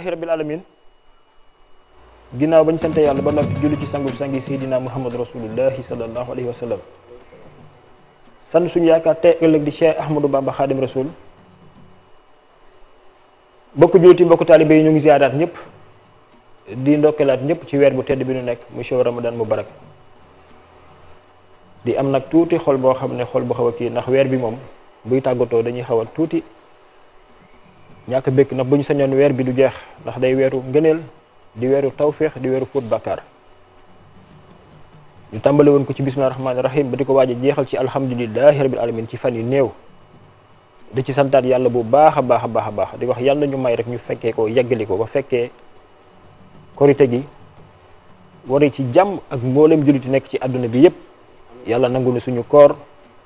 alhamdulilahi rabbil alamin ginnaaw bañ sante yàlla ba noppi julli ci sangub sangi seydina muhammad rasulullahi salallahu alayhi wa sallam sant suñu yaakaar tey ëllëg di cheikh ahmadou bamba xaadim rasul bokk juuti bokk taalibe yi ñu ngi ziyaaraat ñëpp di ndokkelaat ñëpp ci weer bu tedd bi ñu nekk mu shawar ramadan mubarak di am nag tuuti xol boo xam ne xol bu xaw a kii ndax weer bi moom buy tàggatoo dañuy xaw tuuti ñàkk békk na bu ñu sañoon weer bi du jeex ndax day weeru ngëneel di weeru tawféex di weeru fóot bàkkaar ñu tàmbali woon ko ci bismillahi rahmaani rahim ba di ko waaj a jeexal ci alhamdulilahi rabil alamin ci fan yu néew di ci santaat yàlla bu baax a baax a baax a baax di wax yàlla ñu may rek ñu fekkee ko yeggali ko ba fekkee korite gi wari ci jàmm ak mboolem jullit nekk ci àdduna bi yépp yàlla nangu na suñu koor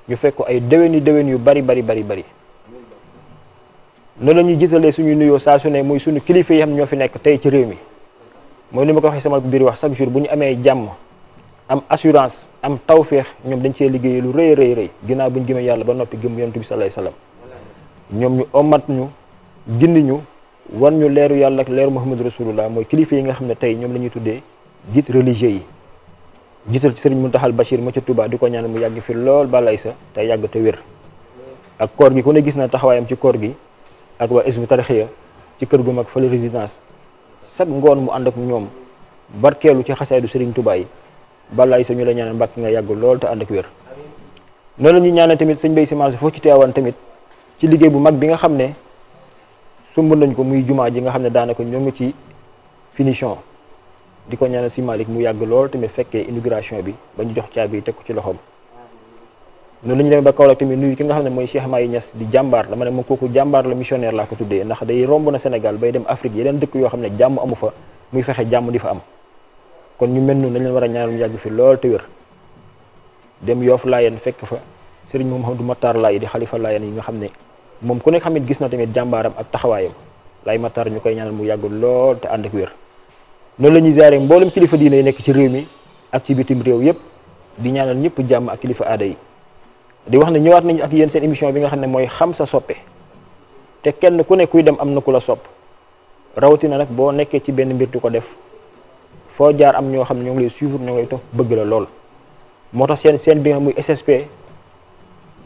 ñu fekk ko ay déwéni déwén yu bari bari bari bari noonu la ñuy jiitalee suñu nuyoo saa su ne muy suñu kilifa yi xam ñoo fi nekk tey ci réew mi mooy ni ma ko waxee sama biir wax chaque jour bu ñu amee jàmm am assurance am tawféex ñoom dañ cee liggéeyee lu rëy rëy rëy ginnaaw bu ñu yàlla ba noppi gëm yonent bi salaay salaam ñoom ñu omat ñu gindi ñu wan ñu leeru yàlla ak leeru Muhammadu Rasulullah mooy kilifa yi nga xam ne tey ñoom la ñuy tuddee guide religieux yi jiital ci mu Muntaxal Bachir ma ca Touba di ko ñaan mu yàgg fi lool balay sa te yàgg te wér ak koor gi ku ne gis na taxawaayam ci koor gi ak waa isbu tarixiya ci kër gu mag fële résidence chaque ngoon mu ànd ak ñoom barkeelu ci xasaydu Serigne Touba yi balaay sa ñu la ñaanal mbàkk nga yàgg lool te ànd ak wér. noonu la tamit sëñ Bay Semence foo ci teewaan tamit ci liggéey bu mag bi nga xam ne sumb nañ ko muy jumaa ji nga xam ne daanaka ñoo ngi ci finition di ko ñaanal si Malick mu yàgg lool tamit fekkee inauguration bi ba ñu jox caabi teg ko ci loxoom. noonu la ñu demee ba Kaolack tamit nuyu ki nga xam ne mooy Cheikh Mahi Niass di jàmbaar dama ne moom kooku jàmbaar la missionnaire laa ko tuddee ndax day romb bay dem Afrique yeneen dëkk yoo xam ne jàmm amu fa muy fexe jàmm di fa am kon ñu mel noonu dañ war a ñaanal mu yàgg fi lool te dem Yoff Laayeen fekk fa Serigne Mouhamadou Matar Laay di xalifa Laayeen yi nga xam ne moom ku nekk xam ne gis na tamit jàmbaaram ak taxawaayam Laay mataar ñu koy ñaanal mu yàgg lool te ànd ak wér noonu la ñuy ziare mboolem kilifa diine yi nekk ci réew mi ak ci bitim réew yëpp di ñaanal ñëpp jàmm ak kilifa aada yi di wax ne ñëwaat nañu ak yéen seen émission bi nga xam ne mooy xam sa soppe te kenn ku ne kuy dem am na ku la sopp rawatina nag boo nekkee ci benn mbir di ko def foo jaar am ñoo xam ñoo ngi lay suivre ñoo ngi bëgg la lool. moo tax seen seen bi nga muy SSP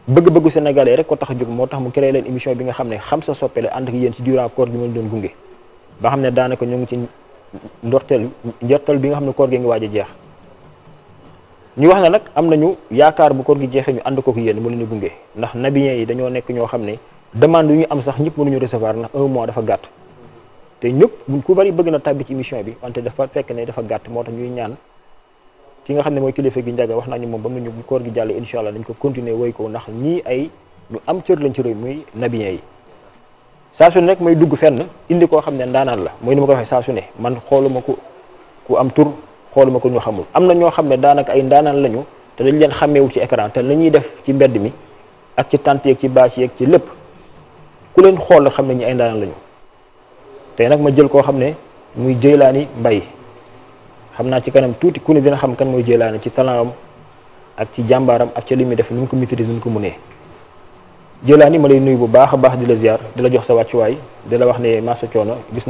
bëgg-bëggu sénégalais rek ko tax a moo tax mu créé émission bi nga xam ne xam sa soppe la ànd ak yéen ci durant koor gi ma doon gunge ba xam ne daanaka ñoo ngi ci ndorteel njortal bi nga xam ne koor gi nga waaj jeex. ñu wax na nag am nañu yaakaar bu koor gi jeexee ñu ànd ko ko yéen mu leen gunge ndax nabiyen yi dañoo nekk ñoo xam ne demand yu ñu am sax ñëpp mënuñu recevoir ndax un mois dafa gàtt te ñëpp ku bari bëgg na tàbbi ci émission bi wante dafa fekk ne dafa gàtt moo tax ñuy ñaan ki nga xam ne mooy kilifa gi njaga wax nañu moom ba mu ñu bu koor jàll incha allah dañ ko continuer woy ko ndax ñii ay ñu am cër lañ ci réew muy nabiyen yi saa ne rek may dugg fenn indi koo xam ne ndaanaan la mooy ni ko waxee saa ne man xooluma ku ku am tur xooluma ko ñu xamul am na ñoo xam ne daanaka ay ndaanaan lañu te dañ leen xàmmeewul ci écran te la ñuy def ci mbedd mi ak ci tant yeeg ci bâche yeeg ci lépp ku leen xool xam ne ñi ay ndaanaan lañu tey nag ma jël koo xam ne muy Jëylaani Mbay xam naa ci kanam tuuti ku ne dina xam kan mooy Jëylaani ci talent ak ci jàmbaaram ak ci li muy def nu mu ko maîtriser nu mu ko mënee Jëylaani ma lay nuyu bu baax a baax di la ziar di la jox sa wàccuwaay di la wax ne masa coono gis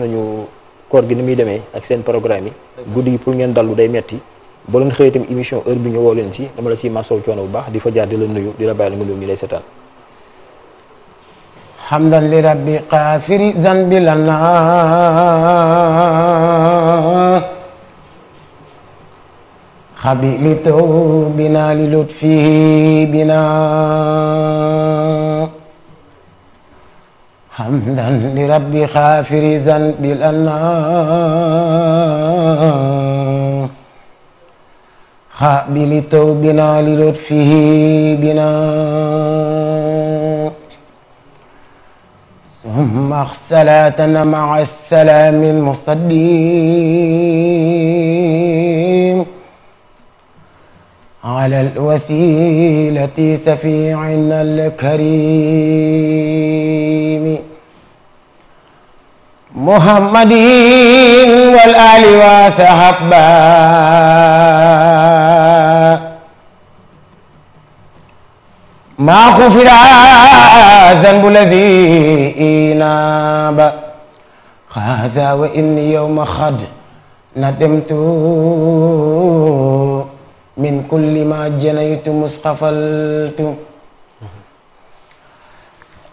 koor gi ni muy demee ak seen programme yi guddi gi pour ngeen dallu day metti boo leen xëy tam émission heure bi ñu woo leen ci dama la ciy masaw coono bu baax di fa jaar di la nuyu di la la nga nuyu ñu lay seetaan hamdan li rabbi xaafiri zanbi li taw bina li حمدا لرب غافر ذنب الأنعام قابل توبنا للطفه بنا ثم صلاتنا مع السلام المستديم على الوسيلة سفيعنا الكريم محمد والآل وصحبه ما غفر ذنب الذي ناب هذا وإني يوم خد ندمت من كل ما جنيت مسقفلت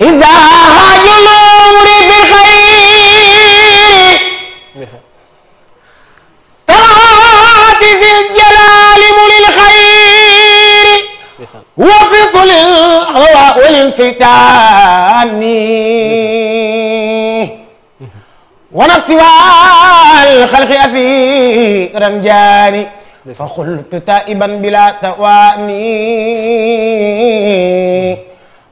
إذا هاجل الفتان ونفسي والخلق أثيرا جاني فقلت تائبا بلا تواني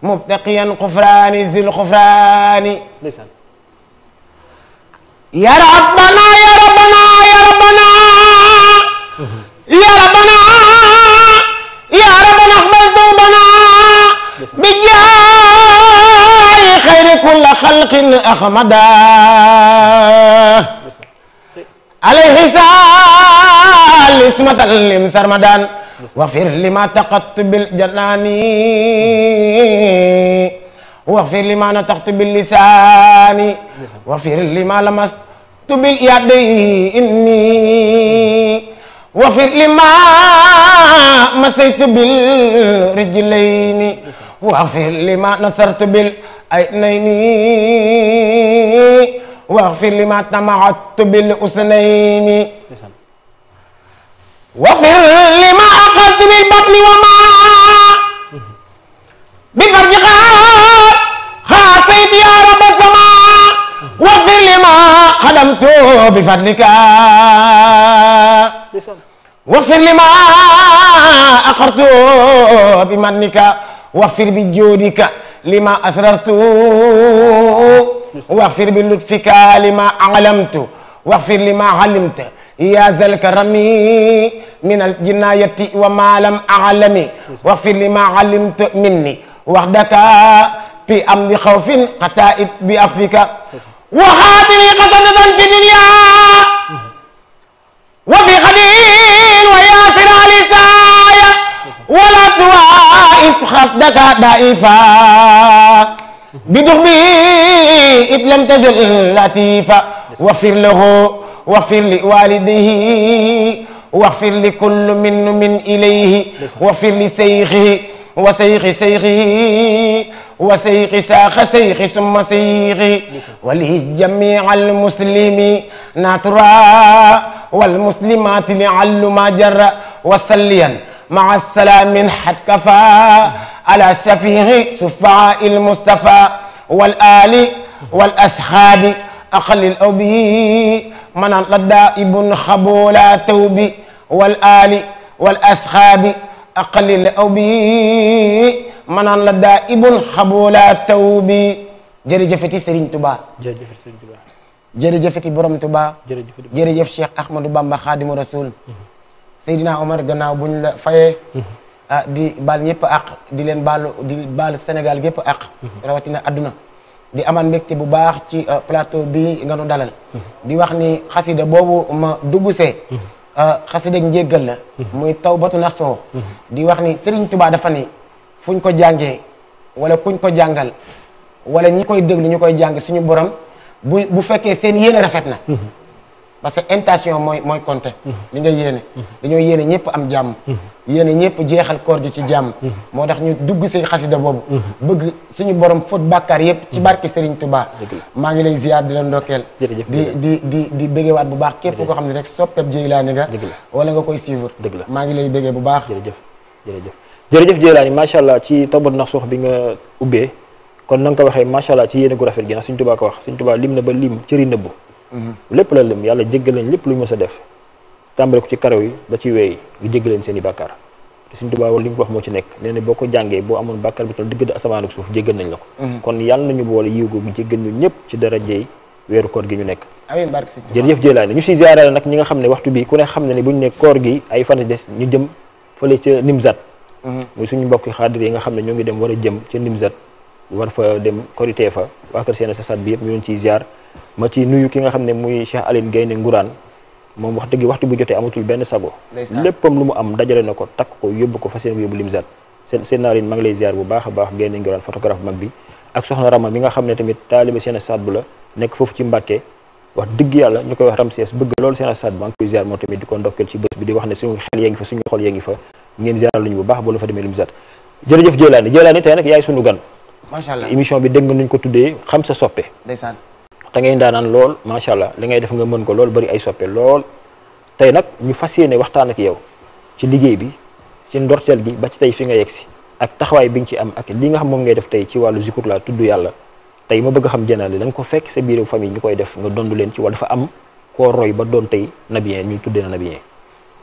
مبتقيا غفران ذي الغفران يا ربنا يا ربنا يا ربنا يا ربنا يا ربنا اقبل توبنا بجاه kulla xalqin ahmada alayhi salis masallim sarmadan waxfir lima taqattu bil janaani waxfir lima nataqtu bil lisaani waxfir lima lamastu bil yadayni waxfir lima masaytu bil rijlayni واغفر لما نصرت بالعينين واغفر لما طمعت بالحسنين واغفر لما أخذت بالبطن وما بفرجها خاصيت يا رب السماء واغفر لما خدمت بفضلك واغفر لما أقرت بمنك واغفر بجودك لما أسررت واغفر بلطفك لما أعلمت واغفر لما علمت يا ذا الكرم من الجناية وما لم أعلم واغفر لما علمت مني وحدك بأمن خوف قتائب بأفك وخاتني قصدة في الدنيا وفي غدير is xafdaka daifa bi dux bi it lam tazal latifa waxfir lahu waxfir li walidihi waxfir li kulli min min ilayhi waxfir li sayxihi wa sayxi sayxihi wa sayxi saaxa sayxi summa sayxi wali jamii almuslimi natura walmuslimati li alluma jarra wasalliyan مع السلام حد كفى على شفيع شفعاء المصطفى والآل والأصحاب أقلل أبي من لدائب خبولا توبي والآل والأصحاب أقلل أبي من لدائب خبولا توبي jërëjëfati Serigne Touba. jërëjëfati Serigne Touba. jërëjëfati Borom Touba. jërëjëf Cheikh Ahmadou Bamba Khadimu Rasoul. Seydina Omar gannaaw buñ la fayee. Mhm. ah di baal ñëpp ak di leen baalu di baal Sénégal gépp ak mhm. rawatina adduna. di amaan mbégte bu baax ci ah, plateau bi nga nu dalal. Mhm. di wax ni xasida boobu ma duggusee ah, xasida njéggal la. muy taw tawbatu nasoo. di wax ni Serigne tubaa dafa ni fuñ ko jàngee wala kuñ ko jàngal wala ñi koy déglu ñu koy jàng suñu borom bu bu fekkee seen yéene rafet na. parce que intention mooy mooy compter. Mm-hmm. li nga yéene. Mm-hmm. dañoo yéene ñëpp am jàmm. Mm-hmm. yéene ñëpp jeexal koor gi ci jàmm. moo tax ñu dugg si xasida boobu. bëgg suñu borom fóot bàkkaar yëpp ci barke Serigne Touba. maa ngi lay ziar di la ndokkeel. di di di di bëggewaat bu baax képp koo xam ne rek soppeeb Jeylaani nga. wala nga koy suivre. maa ngi lay bëggee bu baax. jërëjëf jërëjëf jërëjëf Jeylaani macha allah ci tawbat nax suux bi nga ubbee kon na nga ko waxee macha allah ci yéene wax Serigne Touba lim na ba lim Mm-hmm. lépp la lim yàlla jéggal leen lépp lu ñu mës a def tàmbale ci karaw yi ba ci wee yi jéggal leen seen i bàkkaar te suñu tubaab li mu wax moo ci nekk nee na boo ko jàngee boo amoon bàkkaar bi tam diggante asamaan ak suuf jéggal nañ ko mm-hmm. kon yàlla nañu boole yiw googu jéggal ñu ñëpp ci dara jeey weeru koor gi ñu nekk amiin barke si jërëjëf jëlaani ñu si ziaral nag ñi nga xam ne waxtu bi ku xam ne ne buñu ne koor gi ay fan des ñu jëm fële ca mm-hmm. suñu mbokki xaadir yi nga xam ne ñoo ngi dem war a jëm ca Nimzat war fa dem korité fa waa kër seen sa sat bi yëpp ñu leen ciy ziar ma ci nuyu ki nga xam ne muy Cheikh Aline Gaynde Ngouraan moom wax dëgg waxtu bu jotee amatul benn sago léppam lu mu am dajale na ko takk ko yóbbu ko fas yéene yóbbu limsat seen seen naarin lay ziar bu baax a baax Gaynde Ngouraan photographe mag bi ak soxna Rama mi nga xam ne tamit taaliba seen saat bu la nekk foofu ci Mbàkke wax dëgg yàlla ñu koy wax Ramsès bëgg loolu seen saat bu maa koy ziar moom tamit di ko ndokkeel ci bés bi di wax ne suñu xel yee ngi fa ba la fa demee limsat jërëjëf Jëlaani Jëlaani bi dégg nga sa soppe ndeysaan te ngay ndaanaan lool macha allah li ngay def nga mën ko lool bari ay soppe lool tey nag ñu fas yéene waxtaan ak yow ci liggéey bi ci ndorteel bi ba ci tey fi nga yegg si ak taxawaay bi nga ci am ak li nga xam moom ngay def tey ci wàllu zikur laa tudd yàlla tey ma bëgg xam jënaale da nga ko fekk sa biir famille ñu koy def nga dondu leen ci wala dafa am koo roy ba doon tey nabiyeen ñu tuddee na nabiyeen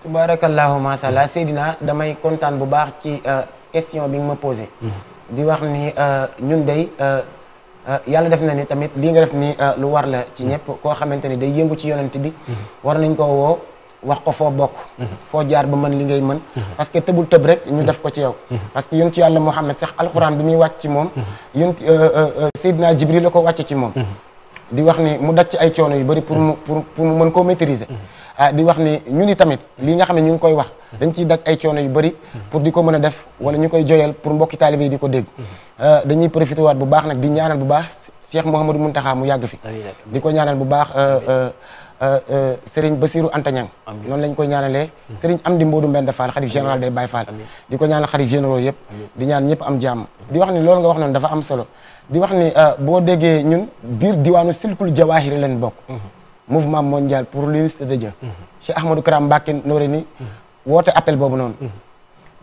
tubaarakallaahu macha allah Seydina damay kontaan bu baax ci euh, question bi nga ma posé. Mhm. di wax euh, Euh, yàlla def na ni tamit lii nga def ni euh, lu war la ci ñëpp koo xamante ni day yëngu ci yonent bi mhm. war nañ ko woo wax ko foo bokk mhm. foo jaar ba mën li ngay mën mhm. parce que tëbul tëb rek ñu def ko ci yow parce que yonent yàlla Muhammad sax alxuraan bi muy wàcc ci moom yonent euh, Seydina Jibril la ko wàcce ci moom di wax ni mu daj ci ay coono yu bëri pour mu pour pour mu mën koo maîtriser ah di wax ni ñun i tamit lii nga xam ne ñu ngi koy wax dañ ciy daj ay coono yu bëri pour di ko mën a def wala ñu koy joyal pour mbokki taalibe di ko dégg euh, dañuy profité waat bu baax nag di ñaanal bu baax Cheikh Mouhamadou Mountakha mu yàgg fi di ñaanal bu baax euh, euh, Serigne Bassirou Anta Niang noonu lañ koy ñaanalee Serigne Amdi Mboodu Mbende Fall xalif général des baay Fall di ko ñaanal xalif généraux yëpp di ñaan ñëpp am jàmm di wax ni loolu nga wax noonu dafa am solo di wax ni boo déggee ñun biir diwaanu silkul jawaahiri leen bokk mm-hmm. mouvement mondial pour l'unité de Dieu. Mhm. Cheikh Ahmadou Karam Mbacké Noreyni mhm. woote appel boobu noonu. Mhm.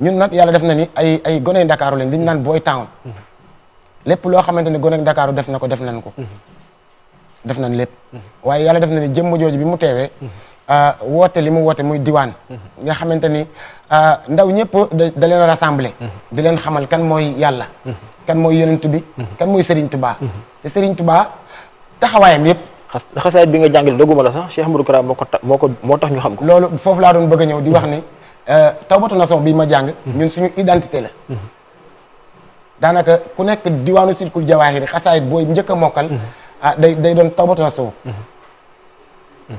ñun nag yàlla def na ni ay ay goney Ndakaaru lañ li ñu naan boy town. lépp loo xamante ni goney Ndakaaru def na ko def nañ ko. def nañ lépp. waaye yàlla def na ni jëmm jooju bi mu teewee. Ah, woote li mu woote muy diwaan. nga xamante ni ah, ndaw ñëpp da leen rassemblé. di leen xamal kan mooy yàlla. kan mooy yonent bi. kan mooy Serigne Touba. te Serigne Touba taxawaayam yëpp. xas xasaay bi nga jàngale dogguma la sax Cheikh Amadou Kara moo ko moo ko moo tax ñu xam ko. loolu foofu laa doon bëgg a ñëw di wax ni mm-hmm. euh, tawbatu nation bi ma jàng. Mm-hmm. ñun suñu identité la. Mm-hmm. daanaka ku nekk diwaanu silkul jawaahiri xasaayit booy njëkk mokkal. ah day day doon tawbatu nation.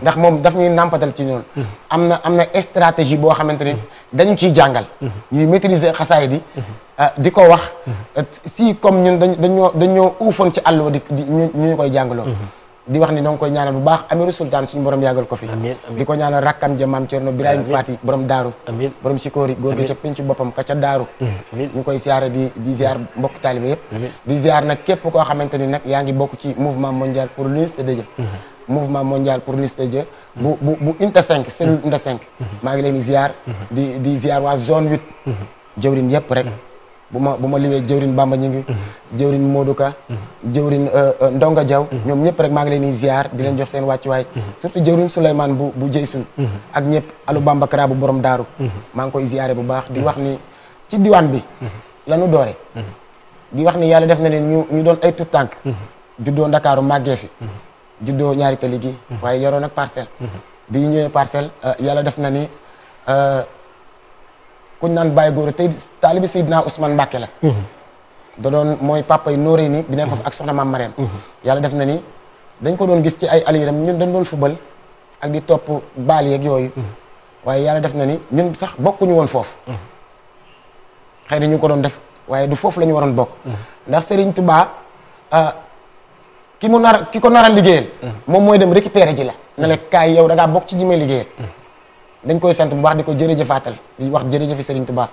ndax moom daf ñuy nàmpatal ci ñoom. am na am na stratégie boo xamante ni dañu ciy jàngal. ñuy maîtriser xasaayit yi. Ah, di ko wax. si comme ñun dañ dañoo dañoo uufoon ci àll di ñu ñu koy jàngaloo. di wax ni noo ngi koy ñaanal bu baax Amirou Sultan suñu borom yàggal ko fi di ko ñaanal rakkam ja maam Cerno Birahim Faati borom daaru borom Sikori góor ga ca pinc boppam ka daaru ñu koy siyaare di di ziar mbokki taalibe yëpp di ziar na képp koo xamante ni nag yaa ngi bokk ci mouvement mondial pour l'unité de Dieu mouvement pour l'unité de bu bu bu Inta 5 cellule Inta 5 maa ngi leen di ziar di di ziar waa zone 8 jëwrin yëpp rek bu ma bu ma limee jëwriñ Bamba ñi ngi mhm. jëwriñ Moduka mhm. jëwriñ euh, euh, Ndonga Jaw mhm. ñoom ñëpp rek maa ngi leen di ziar di leen jox seen wàccuwaay surtout jëwriñ Souleymane bu bu Jeysun ak ñëpp alu Bambakara bu borom daaru maa ngi koy ziaré bu baax di wax ni ci diwaan bi lañu doore di wax ni yàlla def na leen ñu ñu doon ay tout tànk juddoo Ndakaaru màggee fi juddoo ñaari tali gi waaye yoroon ak parcelle bi ñu parcelle euh, yàlla def na ni kuñ naan Baye Gora tey taalibi Seydina Ousmane Mbacke la mhm. da doon mooy papa yi nóoré ni bi ak soxna maam Mariam mhm. yàlla def na ni dañ ko doon gis ci ay aliram ñun dañ doon fubal ak di topp baal yeeg yooyu mhm. waaye yàlla def na ni ñun sax bokkuñu woon foofu xëy na ñu ko doon def waaye du foofu lañu ñu waroon bokk ndax Serigne Touba ah, ki mu nar ki ko nar a moom mooy dem récupérer ji la na la kaay yow da bokk ci ji may dañ koy sant mu baax di ko jërëjëfaatal di wax jërëjëfi Serigne Touba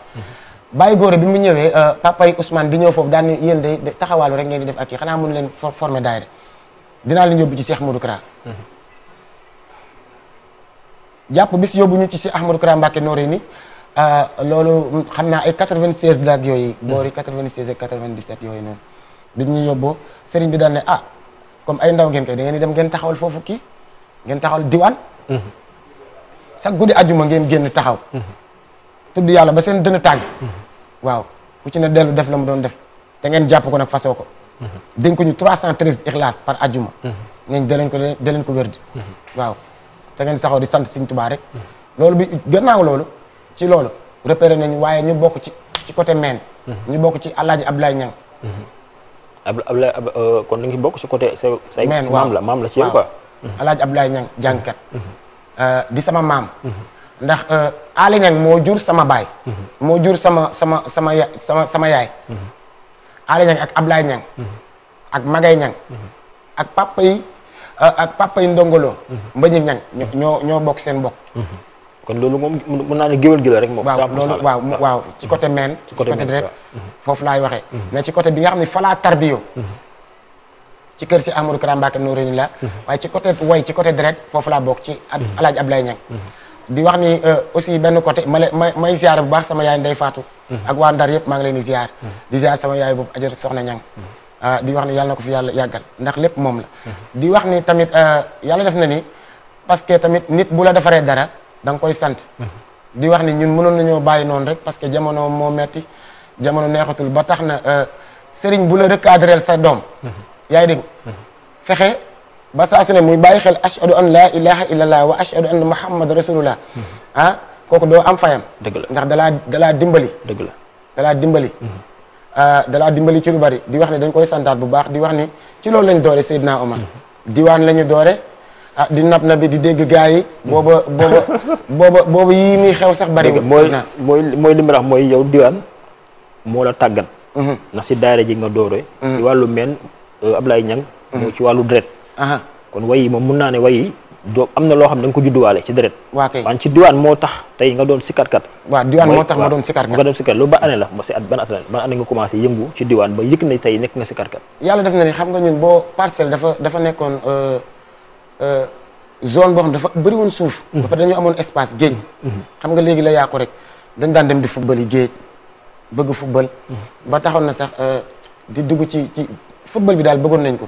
bàyyi góore bi mu ñëwee euh, papa yi di ñëw foofu daan yéen day taxawaalu rek ngeen di def ak kii xanaa mënu leen former daayira dinaa leen yóbbu ci Cheikh Modou Kara jàpp bis yóbbu ñu ci Cheikh Ahmadou Kara Mbacké nooré ni euh, loolu xam naa ay 96 la ak yooyu boori 96 ak 97 yooyu noonu bi ñu yóbboo seriñ bi daan ne ah comme ay ndaw ngeen kay da ngeen di dem ngeen taxawal foofu kii ngeen taxawal diwaan mhm. sax guddi ajjuma ngeen génn taxaw mhm. tudd yàlla ba seen dënn tàng mhm. waaw ku ci ne dellu def la mu doon def te ngeen jàpp ko nag fasoo ko mhm. dénk ko ñu 313 ixlaas par ajjuma ngeen daleen ko daleen ko wérdi waaw te ngeen saxoo di sant Sëriñ Tuubaa rek loolu bi gannaaw loolu ci loolu repéré nañu waaye ñu bokk ci ci côté meen ñu bokk ci Alaaji Ablaye Ñang ab Ablaye euh, kon da ngi bokk ci côté sa sa maam la maam la ci yow quoi Alaaji Ablaye Ñang jàngkat Euh, di sama maam. ndax euh, Aly Niang moo jur sama baay. moo jur sama sama sama ya sama sama yaay. Aly Niang ak ablaay Niang. ak Magay Niang. ak papa yi euh, ak papa yi Ndongolo. Mbañi Niang ñoo ñoo bokk seen bokk. kon loolu moom mën naa ne géwél gi la rek moom waaw waaw waaw ci côté meen ci côté direct foofu laay waxee mais ci côté bi nga xam ne falaa tarbiyo ci kër si Amadou Kara Mbacké Noreyni la mhm. waaye ci côté way ci côté direct foofu laa bokk ci mhm. alaaj lay Niang mhm. di wax ni euh, aussi benn côté ma may ziar bu baax sama yaay Ndey Faatu ak waa Ndar yëpp maa ngi leen di ziar di ziar sama yaay boobu ajar soxna Niang ah, di wax ni yàlla na ko fi yàlla yàggal ndax lépp moom la di wax nii tamit euh, yàlla def na ni parce que tamit nit bu la defaree dara danga koy sant di wax ni ñun mënoon nañoo bàyyi noonu rek parce que jamono moo metti jamono neexatul ba tax na euh, sëriñ bu la recadreel sa doom yaa ngi dégg fexe ba saa ne muy bàyyi xel ashadu an laa ilaha illallah wa ashadu anna muhammad rasulullah mm-hmm. ah kooku doo am fayam dëgg la ndax dalaa dalaa dimbali dëgg dalaa dimbali mm-hmm. ah, dalaa dimbali ci lu bari di wax ne dañ koy santaat bu baax di wax ni ci loolu lañ doore Seydina Omar mm-hmm. diwaan lañu ñu doore ah, di nab na bi di dégg gars yi booba booba booba booba yii nii xew sax bariwul Seydina mooy mooy li mooy yow diwaan moo la tàggan ndax si daara ji nga doore wàllu meen Euh, Ablaye Niang moo mm-hmm. ci wàllu deret kon way yi moom mun naa ne way yi doo am na loo xam ne da ko judduwaale ci deret waa kay waan ci diwaan moo tax tey nga doon sikarkat waaw diwaan moo tax ma doon sikarkat nga loolu ba année la ma si at ban at la ban année nga commencé yëngu ci diwaan ba yëg na tey nekk nga sikarkat yàlla def na ni xam nga ñun boo parcelle dafa dafa nekkoon euh, euh, zone boo xam dafa bëri woon suuf mm-hmm. ba pare dañu amoon espace géej mm-hmm. xam nga léegi la yàqu rek dañ daan dem di football yi géej bëgg football ba taxoon na sax di dugg ci football bi daal bëggoon nañ ko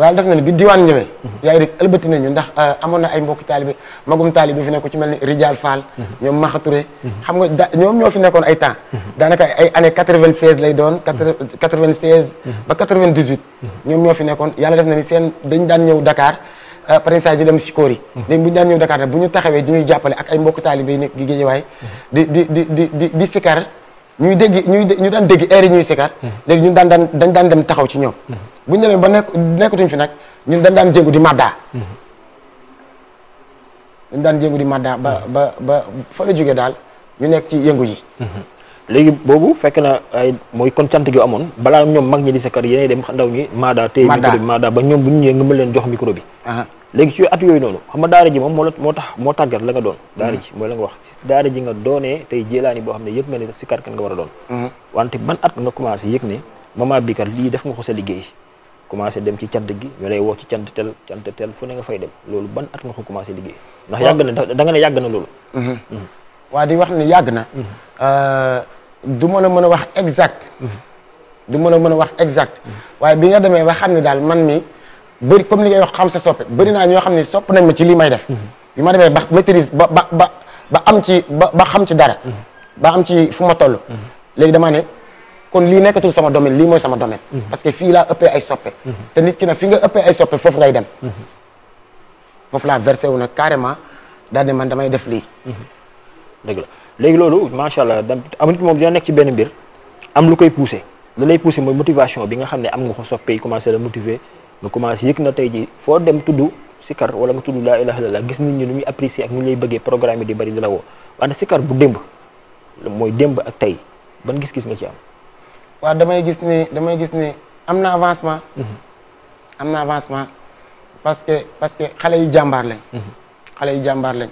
waaye def na ne bi diwaan ñëwee mhm. yaay rek ëlbati nañu ndax euh, amoon na ay mbokki taalibe magum taalibe fi nekk ci mel ni Rijal Fall mhm. ñoom Maxature mhm. xam nga ñoom ñoo fi nekkoon ay temps daanaka ay année quatre-vingt-seize lay doon ñoom ñoo fi nekkoon yàlla def na ni seen dañ daan ñëw Dakar par exemple di dem Sikóor yi léegi bu ñu daan ñëw Dakar nag bu ñu taxawee di ñuy jàppale ak ay mbokki taalibe yi nekk gi Géejawaay di di di di di di sikar ñuy dégg ñuy ñu daan dégg air yi ñuy sikar mm-hmm. léegi ñun daan daan dañ daan dem taxaw ci ñoom mm-hmm. buñu demee ba nekk nekkatuñ fi nag ñun dañ daan jéngu di madda mm-hmm. daan jéngu di madda ba ba ba fa la jógee daal ñu nekk ci yëngu yi léegi boobu fekk na ay mooy kon cant gi amoon balaa ñoom mag ñi di sikar yéenay dem ndaw ñi madda téye micro bi ba ñoom bu ñu ñëwee nga leen jox micro bi léegi ci at yooyu noonu xam nga daara ji moom moo la moo tax moo tàggat la nga doon mm-hmm. daara ji mooy la nga wax daara ji nga doonee tey jéelaani boo xam ne yëg ne si karkan nga war a mm-hmm. lii def nga ko sa liggéey commencé dem ci cant gi ñu lay woo ci cant tel cant ne nga fay dem loolu ban at nga ko commencé liggéey ndax yàgg na da du ma a mën a wax exact mm-hmm. euh, du ma la mën a wax exact waaye bi nga demee ba xam ne daal man mi bëri comme li nga wax xam sa soppe bëri naa ñoo xam ne sopp nañ ma ci lii may def bi ma demee ba maîtrise ba ba ba ba am ci ba ba xam ci dara ba am ci fu ma toll léegi damaa ne kon lii nekkatu sama domaine lii mooy sama domaine parce que fii laa ëppee ay soppe te nit ki na fi nga ëppee ay soppe foofu ngay dem foofu laa versé wu nag carrément daal ne man damay def lii léegi loolu macha allah da am nit moom dina nekk ci benn mbir am lu koy poussé lu lay poussé mooy motivation bi nga xam ne am nga ko soppe commencé la motiver nga commencé yëg na tey ji foo dem tudd sikar wala nga tudd laa la illallah gis nit ñi nu muy apprécier ak ñu lay bëggee programme yi di bëri di la woo wante sikar bu démb mooy démb ak tey ban gis-gis nga ci am waa damay gis ne damay gis ni am na avancement mhm. am na avancement parce que parce que xale yi jàmbaar lañ mhm. xale yi jàmbaar lañ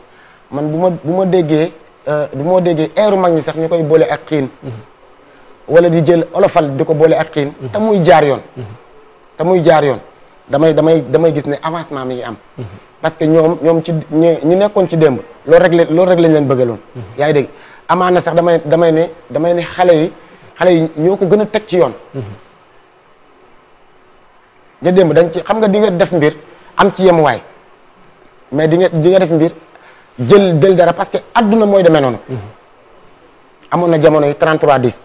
man bu ma bu ma déggee euh, bu ma déggee eeru mag ñi sax ñu koy boole ak xiin mhm. wala di jël olofal di ko boole ak xiin te muy jaar yoon te jaar yoon damay damay damay gis ne avancement mi ngi am. parce que ñoom ñoom ci ñi nekkoon ci démb loolu rek loolu rek lañ leen bëggaloon. yaa ngi dégg na sax damay damay ne damay ne xale yi xale yi ñoo ko gën a teg ci yoon. ñu démb dañ ci xam nga di nga def mbir am ci yemuwaay mais di nga def mbir jël jël dara parce que adduna mooy demee noonu. amoon na jamono yi 33 10.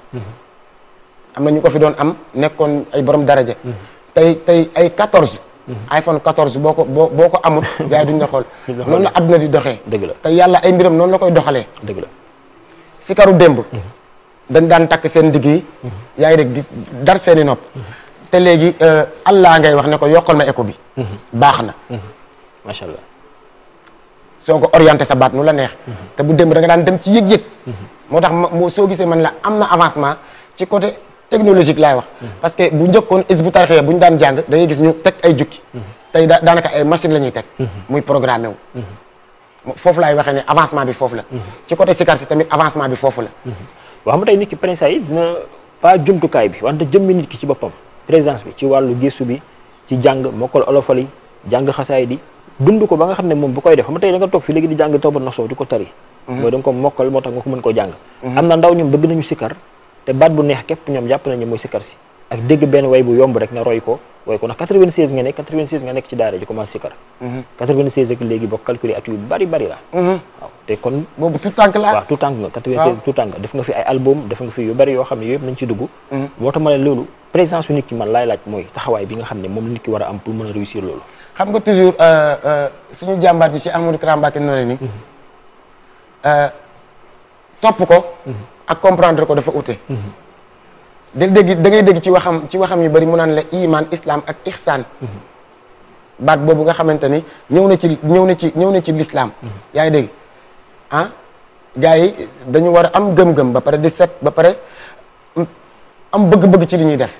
am na ñu ko fi doon am nekkoon ay borom daraja. tey tey ay 14. Mhm. iPhone 14 boo ko boo boo ko amul. gars yi duñ la xool. noonu la adduna di doxee. dëgg la te yàlla ay mbiram noonu la koy doxalee. dëgg la sikaru démb. Mhm. dañ daan takk seen digg yi. Mhm. yaa ngi dégg di dar seen i nopp. te léegi euh, allah ngay wax ne ko yokkal ma écho bi. baax na. soo ko orienté sa baat nu la neex. te bu démb da daan dem ci yëg-yëg. moo tax ma soo gisee man la am na avancement ci côté. technologique laay wax mm-hmm. parce que bu njëkkoon Hizbut Tarqiyyah bu ñu daan jàng da gis ñu teg ay jukki mm-hmm. tey daanaka ay machine la ñuy teg mm-hmm. muy programmé wu foofu laay waxee ne avancement bi foofu la ci côté sikar si tamit avancement bi foofu la waaw xam nga tey nit ki président yi dina pas jumtukaay bi wante jëmmi nit ki ci boppam présence bi ci wàllu gëstu bi ci jàng mokkal olofal yi jàng xasaay di dund ko ba nga xam ne moom bu koy def xam tey da toog fii léegi na ndaw ñoom bëgg nañu sikar te baat bu neex képp ñoom jàpp nañu mooy sikkar si ak dégg benn way bu yomb rek nga roy ko way ko ndax nga nekk nga nekk ci daara ji commencé sikkar mhm. léegi boo calculer at yu bari bari la mhm. te kon boobu tout tànk la waaw tout nga def nga fi album def nga fi yu bari yoo xam ne yëpp nañ ci dugg mhm. moo tax ma ne loolu présence yu nit ki man laay laaj mooy taxawaay bi nga xam ne moom nit war a am pour mën a réussir loolu xam nga toujours euh, euh, suñu jàmbaar ji ak comprendre ko dafa ute mhm. da dégg da ngay dégg ci waxam ci waxam yu bari mu naan la iman islam ak ihsan mhm. baat boobu nga xamante ni ñëw na ci ñëw na ci ñëw na ci l'islam mhm. yaa ngi dégg ah, gars yi dañu war a am gëm-gëm ba pare di set ba pare am bëgg-bëgg ci li ñuy def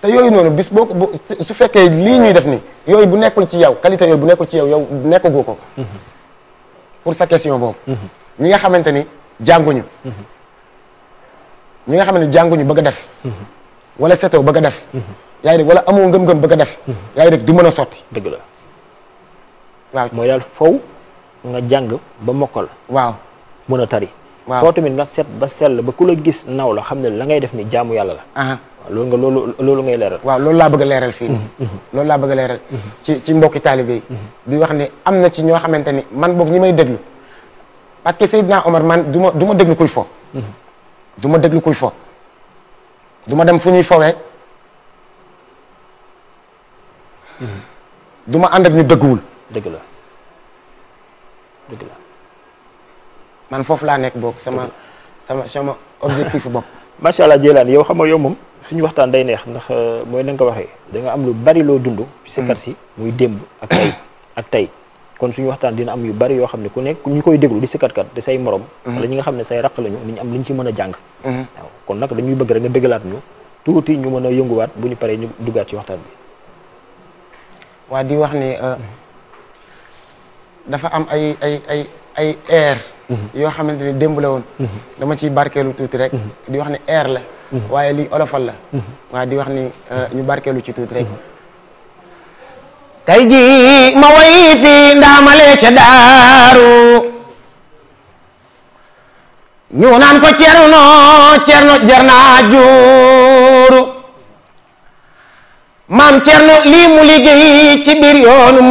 te yooyu noonu bis boo ko su fekkee lii ñuy def ni yooyu bu nekkul ci yow qualité yooyu bu nekkul ci yow yow nekkagoo ko pour sa question boobu ñi nga xamante ni jànguñu ñi nga xamante ni jànguñu bëgg a def wala setoo bëgg a def yaa ngi dégg amoo ngëm-ngëm bëgg a def yaa ngi du mën a sotti dëgg la waaw mooy daal faw nga jàng ba mokkal waaw mën a tari waaw foo tamit nga set ba la ba ku la gis naw la xam ne la ngay def ni jàmmu yàlla la aa loolu nga loolu ngay leeral waaw loolu laa bëgg a leeral fii mhm, mhm. loolu laa bëgg a leeral mhm. ci ci mbokki taalibe yi di wax ne am na ci ñoo xamante ni man boog ñi may déglu parce que Seydina Omar man duma ma mm-hmm. du ma déglu kuy fo. du ma déglu ma dem fu ñuy fowee. Mm-hmm. du ma ànd ak ñu dëgguwul. dëgg la man foofu laa nekk boog sama sama sama objectif bopp. macha allah Dieylani yow xam nga yow moom suñu waxtaan day neex ndax euh, mooy na ko waxee da am lu bari loo dund. ci sa si mm-hmm. muy démb ak tey ak tey. kon suñu waxtaan dina am yu bari yoo xam ne ku nekk ñu koy déglu di sikatkat di say morom mhm. wala ñi nga xam ne say raq lañu niñ am ñu ci mën a jàng mhm. waaw kon nag dañuy bëgg rek nga bëggalaat ñu tuuti ñu mën a yënguwaat bu ñu paree ñu duggaat ci waxtaan bi waa di wax ne euh, mhm. am ay ay ay ay air yoo xamante ni démb woon dama ciy barkeelu tuuti rek di wax ne air la waaye lii olofal la waa di wax ni euh, ñu barkeelu ci tuuti rek tey jii ma way fi ndaamale ca daaru ñu naan ko cerno cerno jarna juuru maam cerno lii mu liggéey ci biir yoonu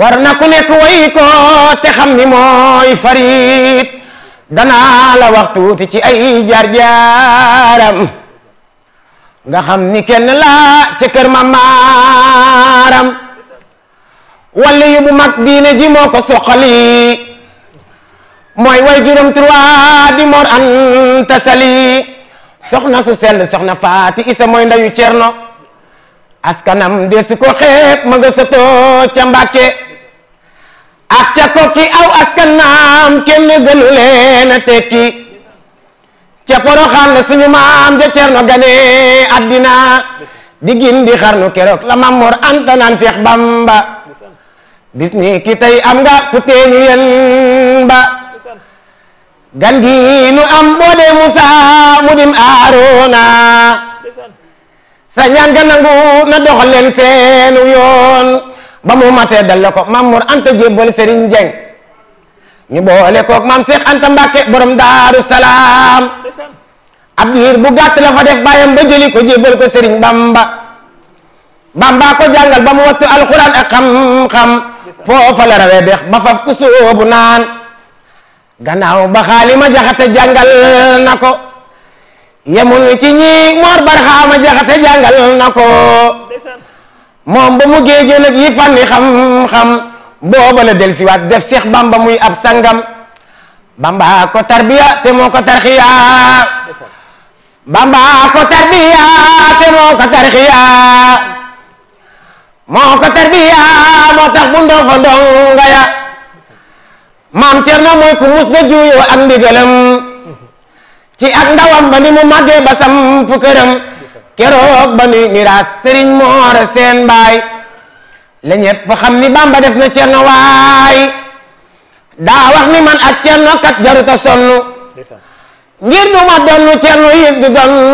war na ku nekk way ko te xam ni mooy farit danaa la wax tuuti ci ay jaar jaaram nga xam ni kenn laa ca ma maaram wàllu yu bu mag diine ji moo ko soqali mooy way juróom trois di mor anta sali soxna su sell soxna faati isa mooy ndayu cerno askanam desu ko xeeb ma nga sëtoo ca ak ca kokki aw askanam kenn gënu leen a tekki ca poroxaan la suñu maam ja cerno gane addina di gindi xarnu la mamor anta naan seex bamba bis ni ki tey am nga ku teeñu yen ba gan gi am boo musa mu dim aarona sa ñaan ga nangu na doxal seenu yoon ba mu matee dal la ko mamor anta jébbal Serigne Dieng ñu boole koog maam Anta Mbàkke borom daaru ab diir bu gàtt la fa def bàyyam ba jëli ko jébbal ko Serigne Bamba Bamba ko jàngal ba wattu alxuraan ak xam-xam foofa la rawee dex ba ku soobu naan gannaaw ba xaalima jaxate jàngal na ko yemul ci ñi moor barxaama jaxate jàngal na ko moom ba mu yi fànni xam-xam booba la delsiwaat def Seex Bamba muy ab sangam Bamba ko tarbiya te moo ko tarxiya bamba ko tarbiya te moo ko tarbiya moo tax bu ndon fa ndonga ya maam Cerno mooy ku mus na juuyoo ak ndigalam ci ak ndawam ba ni mu màggee ba samp këram ba nuy miraas sëriñ moora seen baay la ñépp xam ni bamba def na Cerno waay daa wax ni man ak Cerno kat jaruta sonn ngir du ma donnu cerno yit du donnu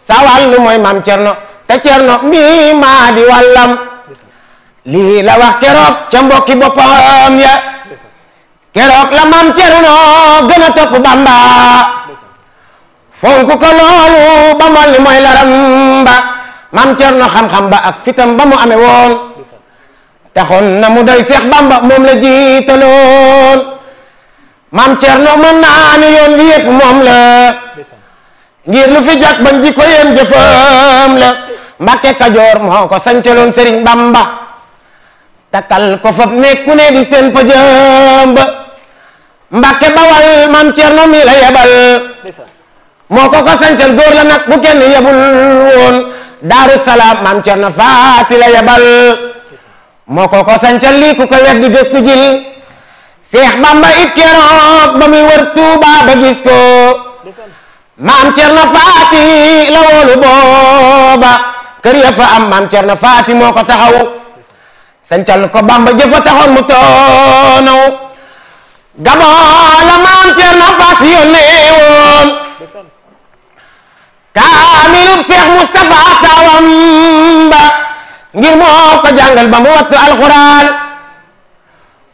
sa wàllu mooy mam cerno te cerno mi maa di lii la wax keroog ca mbokki boppam ya keroog la mam cerno gën a topp bamba fonk ko loolu ba molli mooy laram ba mam cerno xam-xam ba ak fitam ba mu amee woon taxoon na mu doy seex bamba moom la jiitaloon maam Thierno mën naa ne yoon wi yëpp moom la ngir lu fi jag bañ ji ko yéen jëfam la Mbàkke Kajoor moo ko sancaloon Serigne Bamba takkal ko fab nekku ne di seen pa jëm ba Mbàkke Bawal maam Thierno mi la yebal moo ko ko sancal góor la nag bu kenn yebul woon Daaru Salaam maam Thierno Faati la yebal moo ko ko sancal lii ku ko weddi gëstu seex bamba it keroog ba muy wër tuuba ba gis ko maam cerno faati la woolu booba kër fa am maam cerno faati moo ko taxaw sancal ko bamba jëfa taxoon mu toonaw gaboo la maam cerno faati yónnee woon kaamilub seex mustapha taawam ngir moo ko ba mu wattu alxuraan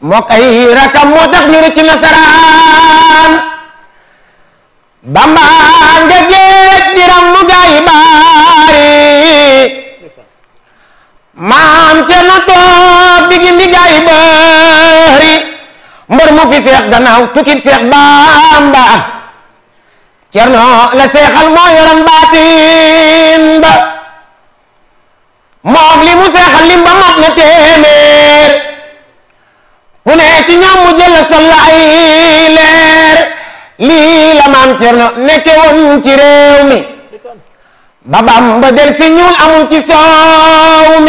mook ay rakam moo tax ñu rëcc nasaraan bamba ngegeej di ram mu gaay baari maam ceerno toog di gindi gaay baari mbër mu fi seex gannaaw tukkib seex bamba ceerno la seexal moo yoram baatin ba moog li mu seexal lim ba mat na téeméer mu ne ci ñoom mu jël sal ay leer lii la maam Cerno nekke woon ci réew babam ba del si ñuul amul ci soow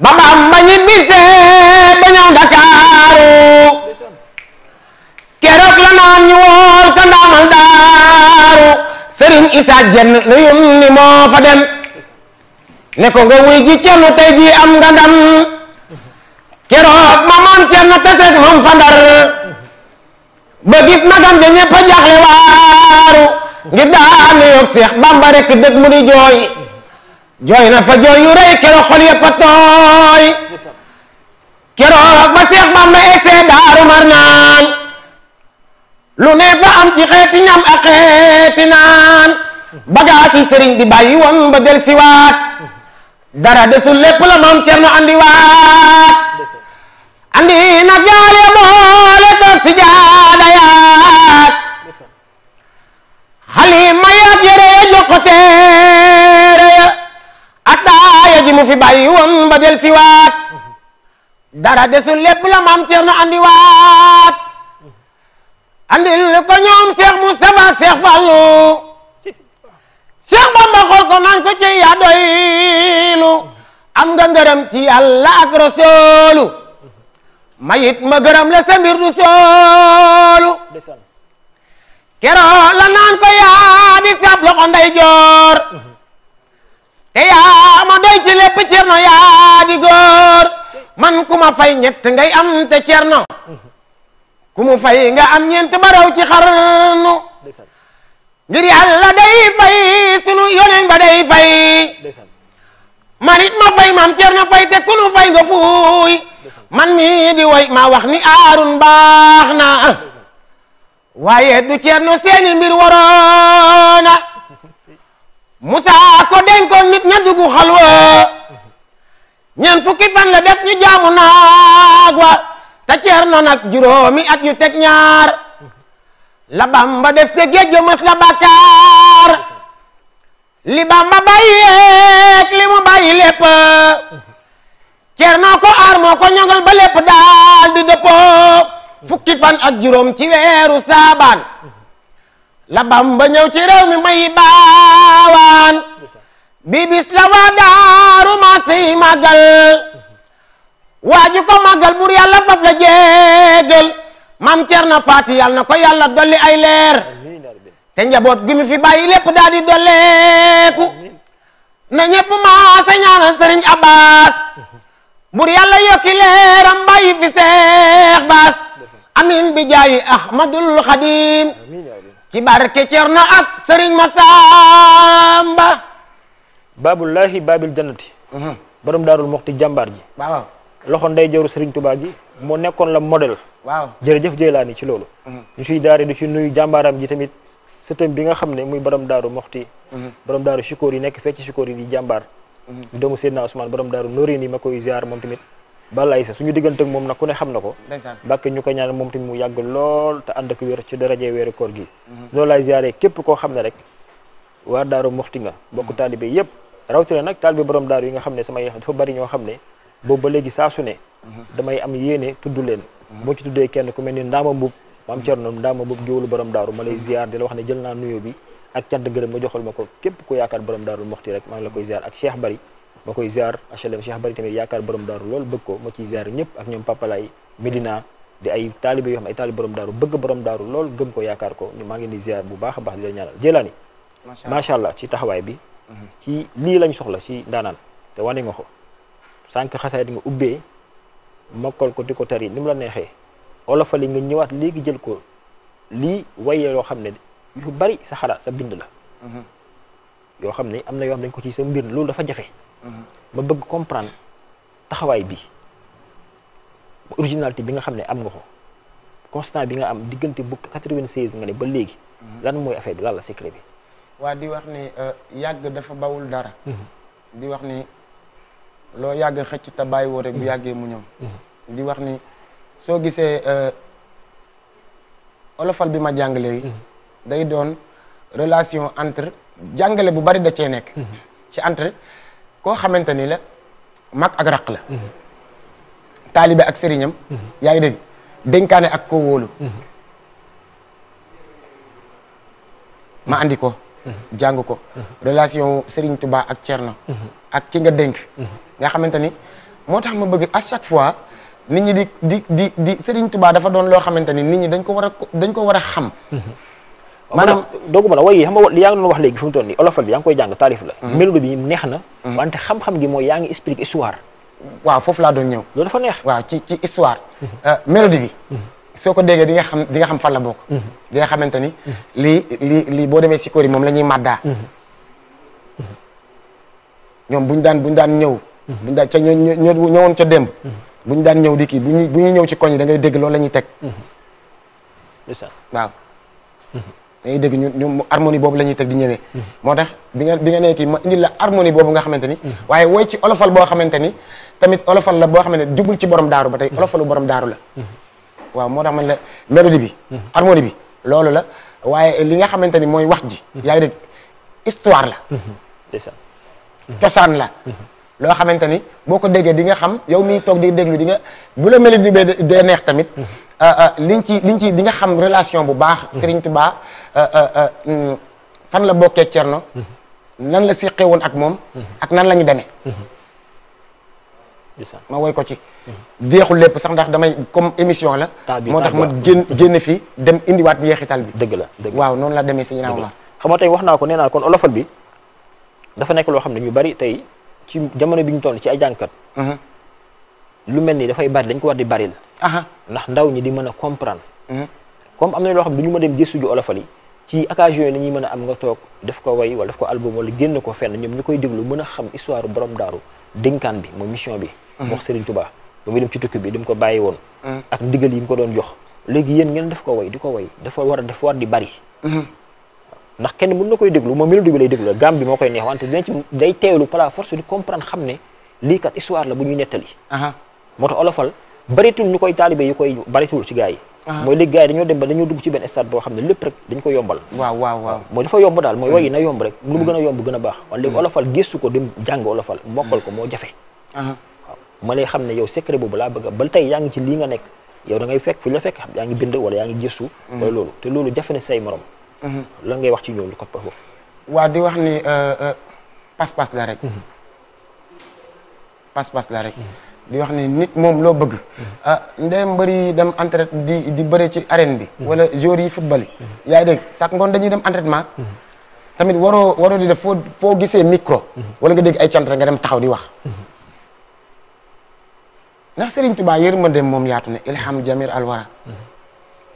babam ba ñibbisee ba ñëw Dakaaru keroog la naan ñu wool ka daaru sëriñ Isa jenn lu yum ni moo fa dem ne ko nga wuy ji Cerno tey ji am nga keroog ma maam Cerno teseeg moom fandar ba gis nagam ja ñëpp a waaru ngir daa nu yoog Seex Bamba rek dëgg mu di jooy jooy na fa jooy yu rëy keroog xol yëpp tooy keroog ba Seex Bamba egsee daaru mar naan lu ne fa am ci xeeti ñam ak xeeti naan bagaasi sëriñ bi bàyyi woon ba del siwaat dara desul lépp la maam Cerno andi waat andi na gaal ya boole ko sijaada yaat xalima yaat yére ya jox teere ya ataaya ji mu fi bàyyi woon del si waat dara desul lépp la maam Cerno andi waat andil ko ñoom Seex Mustafa Seex Fallu Cheikh Bamba xool ko naan ko ci yaa doylu am nga ngërëm ci yàlla ak rasoolu mayit ma gërëm la sa mbir du soolu keroo la naan ko yaa di sab loxo nday joor te yaa ma doy ci lépp cerno yaa di góor man ku ma fay ñett am te cerno mm-hmm. ku mu fay nga am ñeent ba raw ci xarnu ngir yàlla day fay sunu yoneen ba day fay man it ma fay maam ceer na fay te ku fay nga fuuy man mii di woy ma wax ni aarun baax na waaye du ceer no seeni mbir waroona Musaa ko denkoon nit ña dugu xalwa ñeen fukki fan la def ñu jaamu naag wa te ceer no nag at yu teg ñaar la bamba def te géej ga mës la bàkkaar li bamba bàyyeek li mu bàyyi lépp ceernoo ko aar moo ko ñongal ba lépp daal di dëppoo fukki fan ak juróom ci weeru saabaan la bamba ñëw ci réew mi may baawaan bi bis la waa daaru maa si màggal waaju ko màggal bur yàlla faf la jéegal maam Cerno Faati yàlla na ko yàlla dolli ay leer te njaboot gi mu fi bàyyi lépp daal dolleeku na ñépp maa sa ñaanal sëriñ Abbas bur yàlla yokki leeram bàyyi fi Seex Baas amin bi Ahmadul Xadim ci barke Cerno ak sëriñ Masamba baabullahi baabil jannati mhm. borom daarul moxti jàmbaar ji loxo ndey joru sëriñ Tuubaa moo nekkoon la modèle waaw jërëjëf Jeylaani ci loolu mm-hmm. ñu siy daari du ci nuyu jàmbaaram ji tamit sëtam bi nga xam ne muy borom daaru moxti mm-hmm. borom daaru sukóor yi nekk fecc sukóor yi di jàmbaar mm-hmm. di doomu naa Ousmane borom daaru norin yi ma koy ziar moom tamit Balla Aïssa suñu diggante ak moom nag ku ne xam na ko bàkke ñu ko ñaan moom tamit mu yàgg lool te ànd ak wér ci daraje weeru koor gi loolu laay ziare képp koo xam ne rek waa daaru moxti nga bokk taalibe yëpp rawatina nag taalibe borom daaru yi nga xam ne samay dafa bari ñoo xam ne boobu ba léegi saa su ne mhm. damay am yéene tudd leen mhm. boo ci tuddee kenn ku mel ni ndaama mbub maam Thierno ndaama mbub géwalu borom daaru ma lay mhm. ziar di la wax ne jël naa nuyoo bi ak cant gërëm nga joxal ma ko képp ku yaakaar borom daaru moxti rek maa ngi la koy ziar ak Cheikh Bari ma koy ziar HLM Cheikh Bari tamit yaakaar borom daaru loolu bëgg ko ma ciy ziar ñëpp ak ñoom papalay Medina di yoo xam ne bëgg borom daaru lool gëm ko yaakaar ko maa ngi di ziar bu baax a baax di la ñaanal jëlaani macha allah ci taxawaay bi ci lii lañ soxla ci ndaanaan te wane nga ko sànq xasaay di nga ubbee mokkal ko di ko tari ni mu la neexee olofali nga ñëwaat léegi jël ko li waye loo xam ne yu bari sa xalaat sa bind la mhm. yoo xam ne am na yoo xam ko ci sa mbir loolu dafa jafe mhm. ma bëgg comprendre taxawaay bi originalité bi nga xam ne am nga ko constant bi nga am diggante bu 96 nga ne ba léegi mhm. lan mooy affaire bi lan la secret bi waa di wax ne euh, yàgg dafa bawul dara loo yàgg xëcc te bàyyi woo rek bu yàggee mu ñëw di wax ni soo gisee euh, olofal bi ma jàng léegi mm-hmm. day doon relation entre jàngale bu bari da cee nekk mm-hmm. ci entre koo xamante ni la mag ak raq la mm-hmm. taalibe ak sëriñam yaa ngi dégg dénkaane ak ko wóolu ma andi ko jàng ko relation Serigne tubaa ak Thierno ak ki nga dénk nga xamante ni moo tax ma bëgg a chaque fois nit ñi di di di di Serigne Touba dafa doon loo xamante ni nit ñi dañ ko war a dañ ko war a xam maanaam dooguma la waaye xam nga li yaa ngi doon wax léegi fi mu toll nii olofal bi yaa ngi koy jàng taarif la hmm. mélodie bi neex na hmm. wante xam-xam gi mooy yaa ngi expliquer histoire waaw foofu laa doon ñëw loolu dafa neex waaw ci ci histoire hmm. euh, mélodie soo ko déggee di nga xam di nga xam fan la bokk. Mhm. di nga xamante ni. lii lii lii boo demee si kóor yi moom la ñuy màddaa. Mhm. Mhm. ñoom buñ daan buñ daan ñëw. buñ daan ca ñoo ñoo ñëwoon ca démb. buñ daan ñëw di kii bu ñuy bu ñuy ñëw ci koñ yi da ngay dégg loolu la ñuy teg. waaw. da ngay dégg ñu ñu harmonie boobu la ñuy teg di ñëwee. moo tax bi nga bi nga nee kii ma indi la harmonie boobu nga xamante ni. waaye woy ci olofal boo xamante ni tamit olofal la boo xamante ni jubul ci borom daaru ba tey olofalu borom daaru la. waaw moo tax man la mélodie bi hmm. harmonie bi loolu la waaye li nga xamante ni mooy wax ji hmm. yaa ngi dégg histoire la hmm. cosaan la loo xamante ni boo ko déggee di nga xam yow mii toog di déglu di nga bu la mélodie bi dee neex tamit ah, ah, liñ ci liñ ci di nga xam relation bu baax Serigne Touba ah, fan la bokkee Cerno nan la séqee woon ak moom ak nan la ñu demee ma woy ko ci jeexul mhm. lépp sax ndax damay comme émission la moo tax ma génn génn fii dem indiwaat yeexital bi dëgg la waaw noonu la demee si ñinaaw la xam nga tey wax naa ko nee naa kon olofal bi dafa nekk loo xam ne ñu bari tey ci jamono bi ñu toll ci ay jàngkat mhm. lu mel ni dafay bari dañ ko war di baril ndax ndaw ñi di mën a comprendre mhm. comme am na loo xam ne du ñu ma dem gëstu ju olofal yi ci occasion yi la ñuy mën a am nga toog def ko way wala daf ko album wala génn ko fenn ñoom ñu koy déglu mën a xam histoire borom daaru dénkaan bi mooy mission bi wax Serigne Touba ba muy dem ci tukki bi dim ko bàyyi woon ak ndigal yi mu ko doon jox léegi yéen ngeen def ko way di ko way dafa war a dafa war di bari ndax kenn mën na koy déglu moom mélodie bi lay déglu bi moo koy neex wante dina ci day teewlu xam ne lii kat histoire la bu ñuy nettali moo tax olofal baritul ñu koy taalibe yu koy baritul ci gars yi mooy léegi gars yi dañoo dem ba dañoo dugg ci benn stade boo xam ne lépp rek dañ ko yombal waaw waaw waaw mooy dafa yomb daal mooy woyi na yomb rek lu mu gën a yomb gën a baax wala léegi olofal gëstu ko dem jàng olofal mokkal ko moo jafe ma xam ne yow secret boobu laa bëgg ba tey yaa ngi ci lii nga nekk yow da ngay fekk fu ñu fekk xam yaa ngi bind wala yaa ngi gëstu wala mm-hmm. te loolu jafe na morom mm-hmm. la ngay wax ci ñoom lu ko di wax ni euh, euh, pas-pas la rek mm-hmm. pas-pas la rek di wax ni nit moom loo bëgg ah ndem bëri dem entraînement di di bëri ci arène bi wala joueurs yi football yi yaa ngi dégg sax ngoon dañuy dem entraînement tamit waroo waroo di def foo foo gisee micro wala nga dégg ay cant nga dem taxaw di wax ndax Serigne Touba dem moom yaatu na ilham jamir alwara mhm.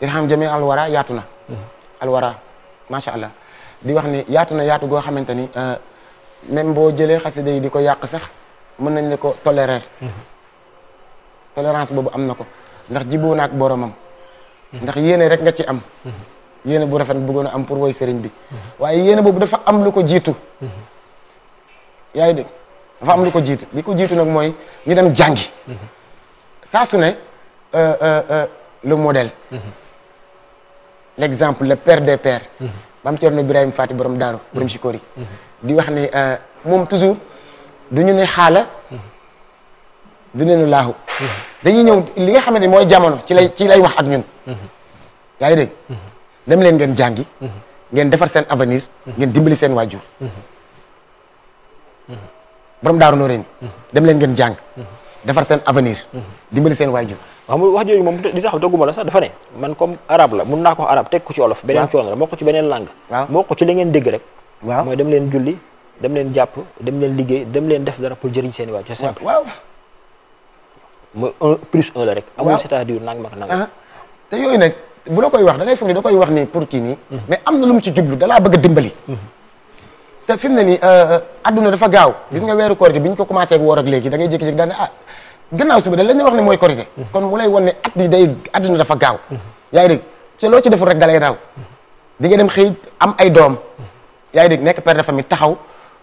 ilham jamir alwara yaatu na mhm. wara macha allah di wax ni yaatu na yaatu goo xamante ni euh, même boo jëlee xasida yi di ko yàq sax mën nañ ne ko tolérer mhm. tolérance boobu am na ko ndax jiboo naak boromam ndax yéene rek nga ci am yéene bu rafet bëggoon a am pour woy sëriñ bi waaye yéene boobu dafa am lu ko jiitu yaa ngi dégg dafa am lu ko jiitu li ko jiitu nag mooy ñu dem jàngi saa su ne euh, euh, euh, le modèle mm-hmm. l' exemple le père des pères mm-hmm. maam Cerno Birahim Faty borom daaru borom Sikori mm-hmm. di wax ni moom toujours du ñu ne xaala du ne nu laahu dañuy ñëw li nga xamante ni mooy jamono ci lay ci lay wax ak ñun ngi dégg dem leen ngeen jàngi ngeen defar seen avenir ngeen dimbali seen waajur borom daaru noo dem leen ngeen jàng defar seen avenir. dimbali seen waajur. xam nga wax jooju moom li tax dogguma la sax dafa ne man comme arabe la mun naa ko wax arabe teg ko ci olof. beneen coono la moo ko ci beneen langue. moo ko ci la rek. waaw mooy dem leen julli dem leen jàpp dem leen liggéey dem leen def dara pour jëriñ seeni i waajur. c'est simple waaw. mooy un plus un la rek. waaw amul c'est-à-dire nang ma nang. Ah. te yooyu nag bu la koy wax da ngay foog ne da koy wax nii pour kii nii. Mm-hmm. mais am na lu mu ci jublu dalaa laa bëgg dimbali. Mm-hmm. te fi mu ne nii euh, adduna dafa gaaw gis nga weeru korité bi ñu ko commencé ak woor ak léegi da ngay jékki-jékki daal ne ah gannaaw suba da lañ wax ne mooy korité kon mu lay won ne at yi day adduna dafa gaaw yaa ngi dégg ci loo ci deful rek dalay raw di nga dem xëy am ay doom yaa ngi dégg nekk père de famille taxaw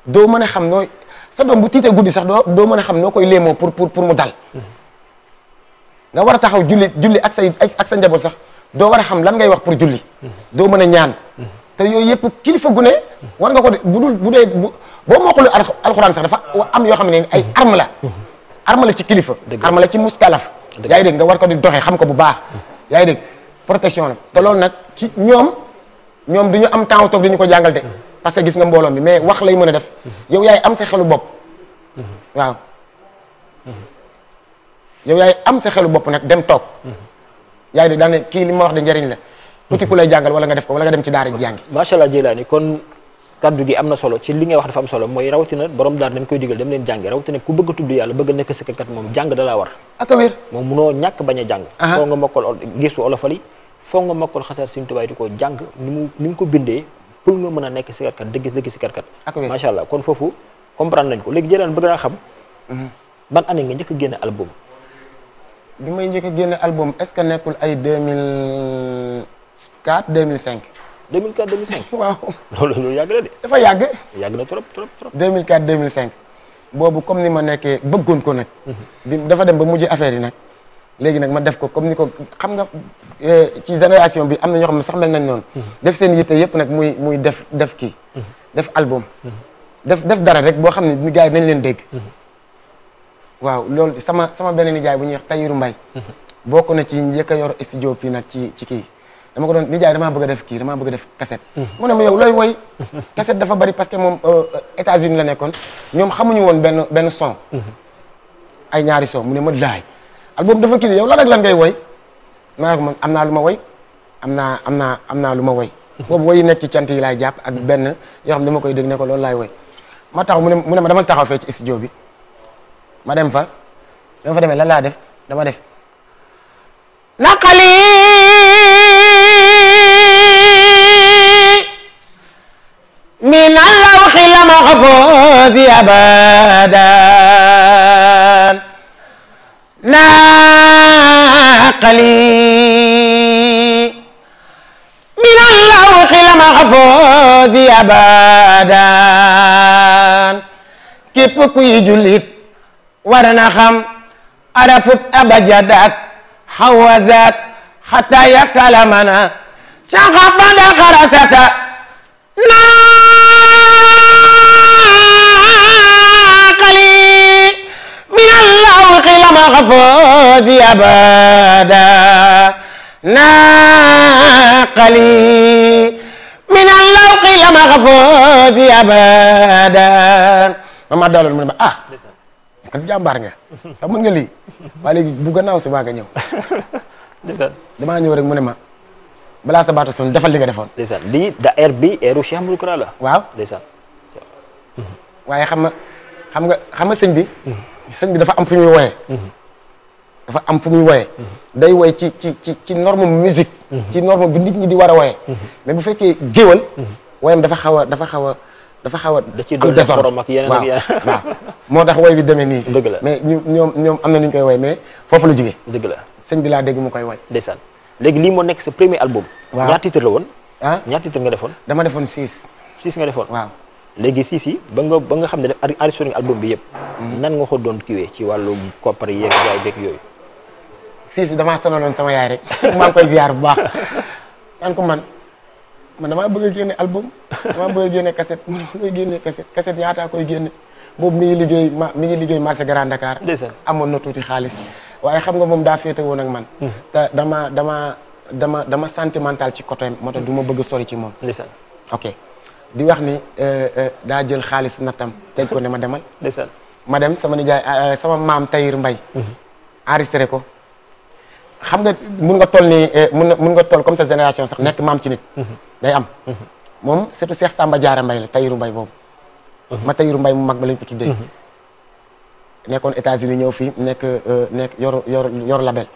doo mën a xam nooy sa doom bu tiitee guddi sax doo doo mën a xam noo koy léemoo pour pour pour mu dal nga war a taxaw julli julli ak say ak sa njaboot sax doo war a xam lan ngay wax pour julli doo mën a ñaan te yooyu yëpp kilifa gune war nga ko de bu dul bu dee boo mokkul alxuraan sax dafa am yoo xam ne ay arme la ci kilifa arme la ci muskalaf yaa ngi dégg nga war ko di doxee xam ko bu baax yaa ngi dégg protection la te loolu nag ci ñoom ñoom du am temps toog du ñu ko jàngal de parce que gis nga mbooloo mi mais wax lay mën a def yow yaay am sa bopp waaw yaay am sa bopp nag dem toog yaa ngi daane kii li ma wax de njariñ la uti ku lay jàngal wala nga def ko wala nga dem ci daara ji jàngi macha allah Jeylaani kon kaddu gi am na solo ci li ngay wax dafa am solo mooy rawatina borom daar dañ koy digal dem leen jàngi rawatina ku bëgg a tudd yàlla bëgg nekk sikkat moom jàng da laa war ak wér moom a jàng foo nga mokkal ko jàng ni mu ni mu ko bindee pour nga mën a nekk sikatkat dëgg dëgg sikatkat allah kon foofu comprendre nañ ko léegi Jeylaani bëgg naa xam mhm. ban année nga njëkk a album bi may njëkk a album est-ce que nekkul ay 2000 2004 2005. 2004 2005 waaw. loolu loolu yàgg dafa yàgg. yàgg na trop trop trop. 2004 2005 boobu comme ni ma nekkee bëggoon ko nag. Mhm. bi dafa dem ba mujj affaire yi nag. léegi nag ma def ko comme ni ko xam nga eh, ci génération bi am na ñoo xam ne sax mel nañ noonu. Mhm. def seen yitte yëpp nag muy muy def def kii. Mhm. def album. def def dara rek boo xam ne gars gaay nañ leen dégg. waaw loolu sama sama beneen nijaay bu ñuy wax Tayiru Mbay bokk na ci njëkk yor studio fii nag ci ci kii. dama ko doon nijaay damaa bëgg a def kii damaa bëgg a def cassette. Hmm. mu ne ma yow looy woy cassette dafa bari parce que moom euh, euh, États-Unis la nekkoon ñoom xamuñu woon benn benn son. Hmm. ay ñaari son mu ne ma daay album dafa kii yow la ak lan ngay woy ma ne ko man am naa lu ma woy am naa am naa am naa lu ma woy boobu woy nekk ci cant yi laay jàpp ak benn yoo xam ne dama koy dégg ko loolu laay woy ma taxaw mu ne mu ne ma dama taxaw fee ci studio bi ma dem fa dama fa demee la laa def dama def من اللوح المحفوظ أبدا ناقلي من اللوح المحفوظ أبدا képp kuy jullit war na xam arafub abajadaat xawazaat xata yakalamana saxafada xarasata الله قلم غفوزي أبدا ناقلي من اللوق لما غفوزي أبدا mama daaloon mu ma ah kat jàmbaar nga xam mën nga lii waaye léegi bu gannaaw si baa nga ñëw damaa ñëw rek mu ne ma balaa sa baata son defal li nga defoon ndeysaan lii da air bi airu Cheikh waaw waaye xam nga xam nga xam nga sëñ bi dafa am fu muy woyee am fu muy woyee day woy ci ci ci ci norme musique ci norme bi nit ñi di war a woyee mais bu fekkee géwal woyam dafa xaw a dafa xaw a dafa xaw a am désordre waaw waaw moo tax woy bi demee nii dëgg la mais ñu ñoom ñoom am na nu koy woy mais foofu la jógee dëgg la sëñ bi laa dégg mu koy woy ndeysaan léegi lii moo nekk sa premier album waaw ñaar titre la woon ah ñaar titre nga dama defoon six six nga defoon léegi si si ba nga ba nga xam ne def enregistré nga album bi yëpp. Hmm. nan ko doon kiwee ci wàllu koppar yeeg jaay beeg yooyu. si si damaa sonaloon sama yaay rek maa ngi koy bu baax man ko man man damaa bëgg a génne album damaa bëgg a génne cassette mu ne koy génne cassette cassette ñaata koy liggéey ma mi ngi liggéey marché Grand Dakar. amoon na tuuti xaalis waaye xam nga moom daa féete woon ak man. te hmm. dama dama dama dama sentimental ci côté moo tax du ma bëgg a sori ci moom. ok. di wax ni euh, euh, daa jël xaalis nattam teg ko ne ma demal. ndeysaan ma dem sama nijaay euh, sama maam Tayir Mbay mhm. enregistré ko xam nga mun nga toll nii mun mun nga tol comme sa génération sax nekk maam ci nit. Mhm. day am. Mhm. moom surtout Cheikh Samba Diarra Mbay la Tayiru Mbay boobu. ma Tayiru Mbay mu mag ma lañ ko tuddee. nekkoon États-Unis ñëw fii nekk nekk yor yor yor label.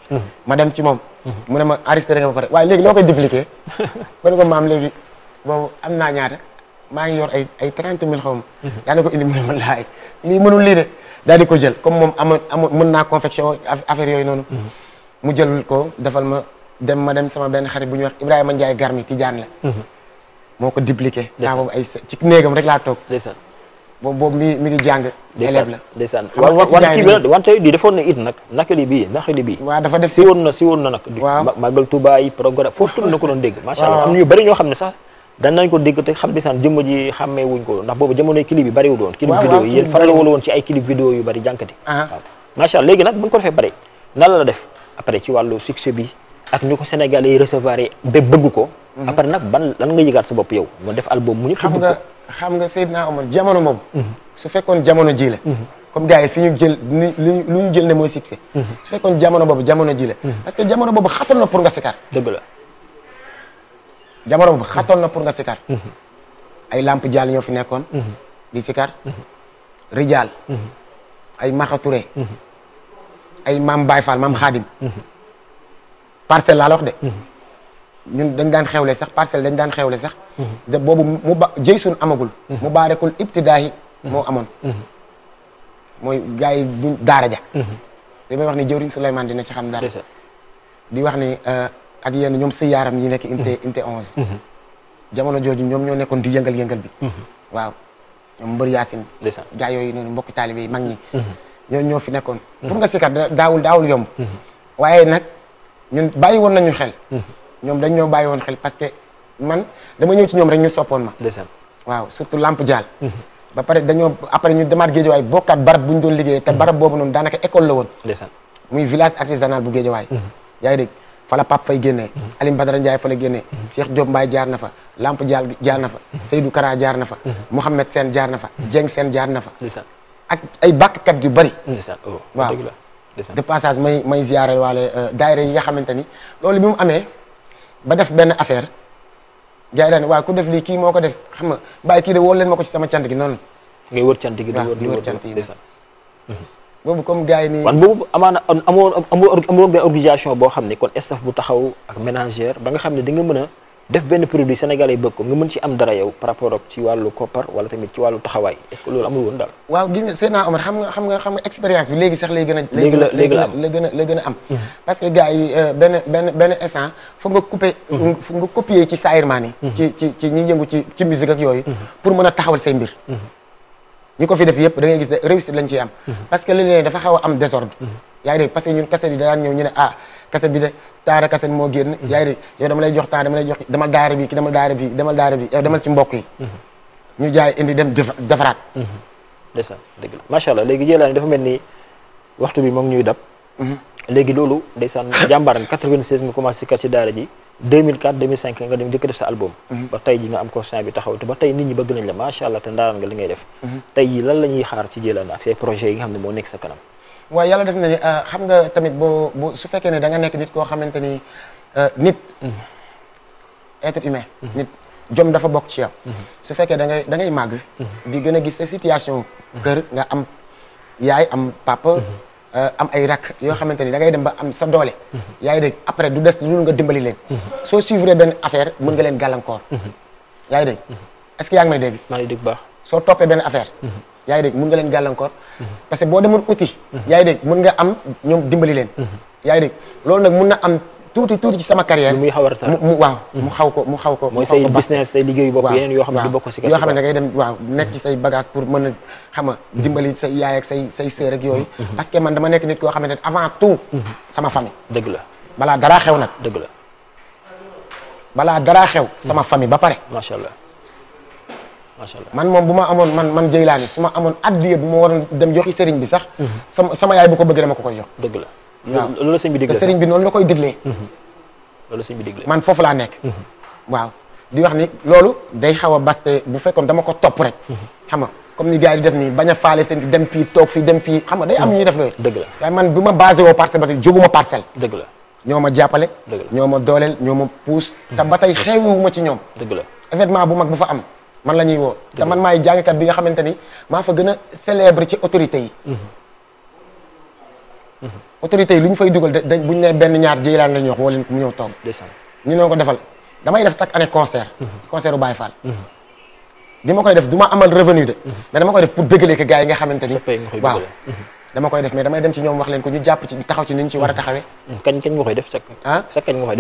ma dem ci moom. mu ne ma enregistré nga ba pare léegi loo koy dupliquer. ba ne maam léegi boobu am naa ñaata. maa ngi yor ay ay trente mille xaw ma. Mhm. daane ko indi mu ne ma laay lii mënul lii de daal di ko jël comme moom ama ama mën naa confection affaire yooyu noonu. Mhm. mu jël ko defal ma dem ma dem sama benn xarit bu ñuy wax Ibrahima Ndiaye Garmi Tijaan la. Mhm. moo ko dupliqué. daa boobu ay ci néegam rek laa toog. ndeysaan boobu boobu mi mi ngi jàng. élève la ndeysaan ndeysaan. wante di defoon na it nag nakali bii nakali bii. waaw dafa def si woon na woon na nag. waaw foofu na ko doon dégg. macha allah am na ñu bëri ñoo xam ne sax. dan nañ ko dégg te xam bisaan jëmm ji xàmmee wuñ ko ndax boobu jamonoy clip yi bariwul woon clip vidéo yi yéen faral wala woon ci ay yu bari jànkati ah. waaw léegi nag bu ñu bari na la def après ci wàllu succès bi ak ñu ko sénégalais yi recevoir yi ba ko mhm. après nag ban lan nga yëgaat sa bopp yow nga def album mu ñu xam nga xam nga Seydina Omar jamono moom mhm. su fekkoon jamono ji la mhm. comme ñu jël lu ñu jël ne mooy succès su fekkoon jamono boobu jamono ji la parce que jamono boobu xatal na pour nga sikar dëgg la jamono boobu xatoon na pour nga sikar mhm. ay lamp jaal ñoo fi nekkoon mhm. di sikar mhm. rijaal ay maxature ay maam Baye Fall maam Xaadim parcelle laa wax de ñun dañ daan xewle sax parcelle dañ daan xewle sax de boobu mu ba jëy suñ amagul mu baarekul ibtidaahi moo amoon mooy gars yi buñ daara ja li may wax ni jëwriñ Souleymane dina ci xam di wax ni euh, ak yenn ñoom si yaaram yi nekk unité mhm. unité onze mhm. jamono jooju ñoom ñoo nekkoon di yëngal yëngal bi mhm. waaw ñoom mbër yaasin gaa yooyu noonu mbokki taalibe yi mag ñi ñoo ñoo fi nekkoon pour nga sikar daawul daawul yomb waaye nag ñun bàyyi woon nañu xel ñoom dañ ñoo bàyyi woon xel parce que man dama ñëw ci ñoom rek ñu soppoon ma waaw surtout lamp jaal ba pare dañoo après ñu demaat géejawaay bokkaat barab bu ñu doon liggéeyee te barab boobu noonu daanaka école la woon muy village artisanal bu géejawaay yaa ngi dégg fa la Pape génne génnee Alim Badara Ndiaye fa la génnee Cheikh Diop Mbaye jaar na fa Lamp Dial jaar na fa Seydou Kara jaar na fa Mouhamed seen jaar na fa Dieng seen jaar na fa ak ay bàkkkat yu bëri oh, waaw de passage may may ziyaare waale euh, daayira yi nga xamante ni loolu bi mu amee ba def benn affaire gars yi daal ku def lii kii moo ko def xam nga bàyyi kii de woo leen ma ko ci sama cant gi noonu ngay wër cant gi di wër cant yi boobu comme gars yi nii. wan boobu amaana amoo amoo benn organisation boo xam ne kon staff bu taxaw ak ménagère ba nga xam ne di nga mën a def benn produit sénégalais bëgg ko nga mën ci am dara yow par rapport ak ci wàllu koppar wala tamit ci wàllu taxawaay est-ce que loolu amul woon daal. waaw gis nga Seydina Omar xam nga xam nga xam nga expérience bi léegi sax lay gën a. léegi la léegi am la gën a la gën am. Mhm. parce que gaa yi euh, benn benn benn instant foog nga couper. Mhm. foog nga copier ci saayirmaan yi. Mhm. ci ci ci ñiy yëngu ci ci musique ak yooyu. pour mën a taxawal say mbir. ñu ko fi def yëpp da ngay gis ne réussite lañ ciy am mhm. parce que léeg dafa xaw a am désordre mhm. yaa ngi dégg parce que ñun cassette yi daan ñëw ñu ne ah cassette bi de taara cassette moo génn mhm. yaa ngi dégg jox taara dama lay jox demal daara bi ki demal daara bi ci mbokk ñu jaay indi dem defaraat desa dëgg la macha allah léegi jëlaani dafa mel ni waxtu bi moom ngi ñuy dab léegi loolu ndeysaan jàmbaar nga 96 nga commencé kat ci daara ji 2004 2005 nga dem jëkk def sa album. Mhm. ba tey ji nga am constat bi taxaw te ba tey nit ñi bëgg nañ la macha allah te an nga li ngay def. Mhm. tey ji lan la ñuy xaar ci Dieulane ak say projets yi nga xam ne moo nekk sa kanam. waaw yàlla def na ni euh, xam nga tamit boo boo su fekkee ne da nga nekk nit koo xamante ni euh, nit. Mhm. être humain. nit jom dafa bokk ci yow. su fekkee da ngay da ngay màgg. di gën a gis sa situation. kër nga am yaay am papa. am ay rakk yoo xamante ni da ngay dem ba am sa doole. yaa ngi dégg après du des lu nga dimbali leen. soo suivre benn affaire mën nga leen gàllankoor. yaa ngi dégg est nga leen gàllankoor. parce que boo demoon uti. yaa ngi dégg mën nga am dimbali leen. yaa dégg loolu nag mun na am tuuti tuuti ci sama carrière a mu waaw mu xaw ko mu xaw ko mooy say business say liggéeyu bopp yeneen yoo xam ne di bokk nekk say bagage pour mën a xam a mm-hmm. dimbali say yaay ak say say sœur ak yooyu mm-hmm. parce que man dama nekk nit koo xamante ne avant tout mm-hmm. sama famille dëgg la balaa daraa xew nag dëgg la balaa daraa xew sama famille ba pare macha allah macha man moom bu ma amoon man man jëylaani su ma amoon addiya bu ma waroon dem joxi sëriñ bi sax sama sama yaay bu ko bëgg dama ko koy jox dëgg la waaw loolu la sëñ bi te sëriñ bi noonu la koy diglee. Mhm. loolu la man foofu laa nekk. Mhm. waaw di wax ni loolu day xaw a baste bu fekkoon dama ko topp rek. Mhm. xam nga comme ni gars yi di def nii bañ a faale seen dem fii toog fii dem fii xam nga day am ñuy def loolu. dëgg la waaye man bu ma basé woo parcelle ba tey jóguma parcelle. dëgg la ñoo ma jàppale. dëgg ñoo ma dooleel ñoo ma puus. te ba tey xeewuma ci ñoom. dëgg la événement bu mag bu fa am. man la ñuy woo te man maay jàngkat bi nga xamante ni maa fa gën a célèbre ci autorité yi autorités yi lu ñu fay dugal da bu ñu benn ñaar Dieylane la ñuy wax woo leen mu ñëw toog. ñu ne ko defal damay def chaque année concert. Mhm. concert bu Baye Fall. Mhm. bi ma koy def du ma amal revenu de. Mhm. mais dama koy def pour bëggale ko yi nga xamante ni. waaw dama koy def mais damay dem ci ñoom wax leen ko ñu jàpp ci taxaw ci ni ñu ci war a taxawee. kañ kañ nga koy def sax. ah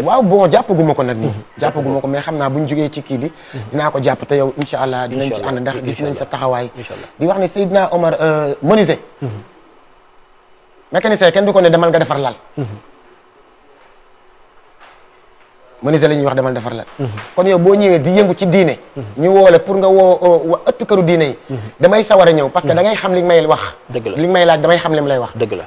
waaw bon jàppagu ma ko nag nii. jàppagu ma ko mais xam naa bu ñu jugee ci kii bi. dinaa ko jàpp te yow incha allah dinañ ci ànd ndax gis nañ sa taxawaay. di wax ne Seydina Omar euh, Monisé. mécanicien kenn du ko ne demal nga defar lal. menuisier ñuy wax demal defar lal. kon yow boo ñëwee di yëngu ci diine. Mhm. ñu woole pour nga woo wa ëtt këru diine yi. Mhm. damay sawar a ñëw parce que mhm. da ngay xam li may wax. dëgg li may laaj damay xam li lay wax. dëgg la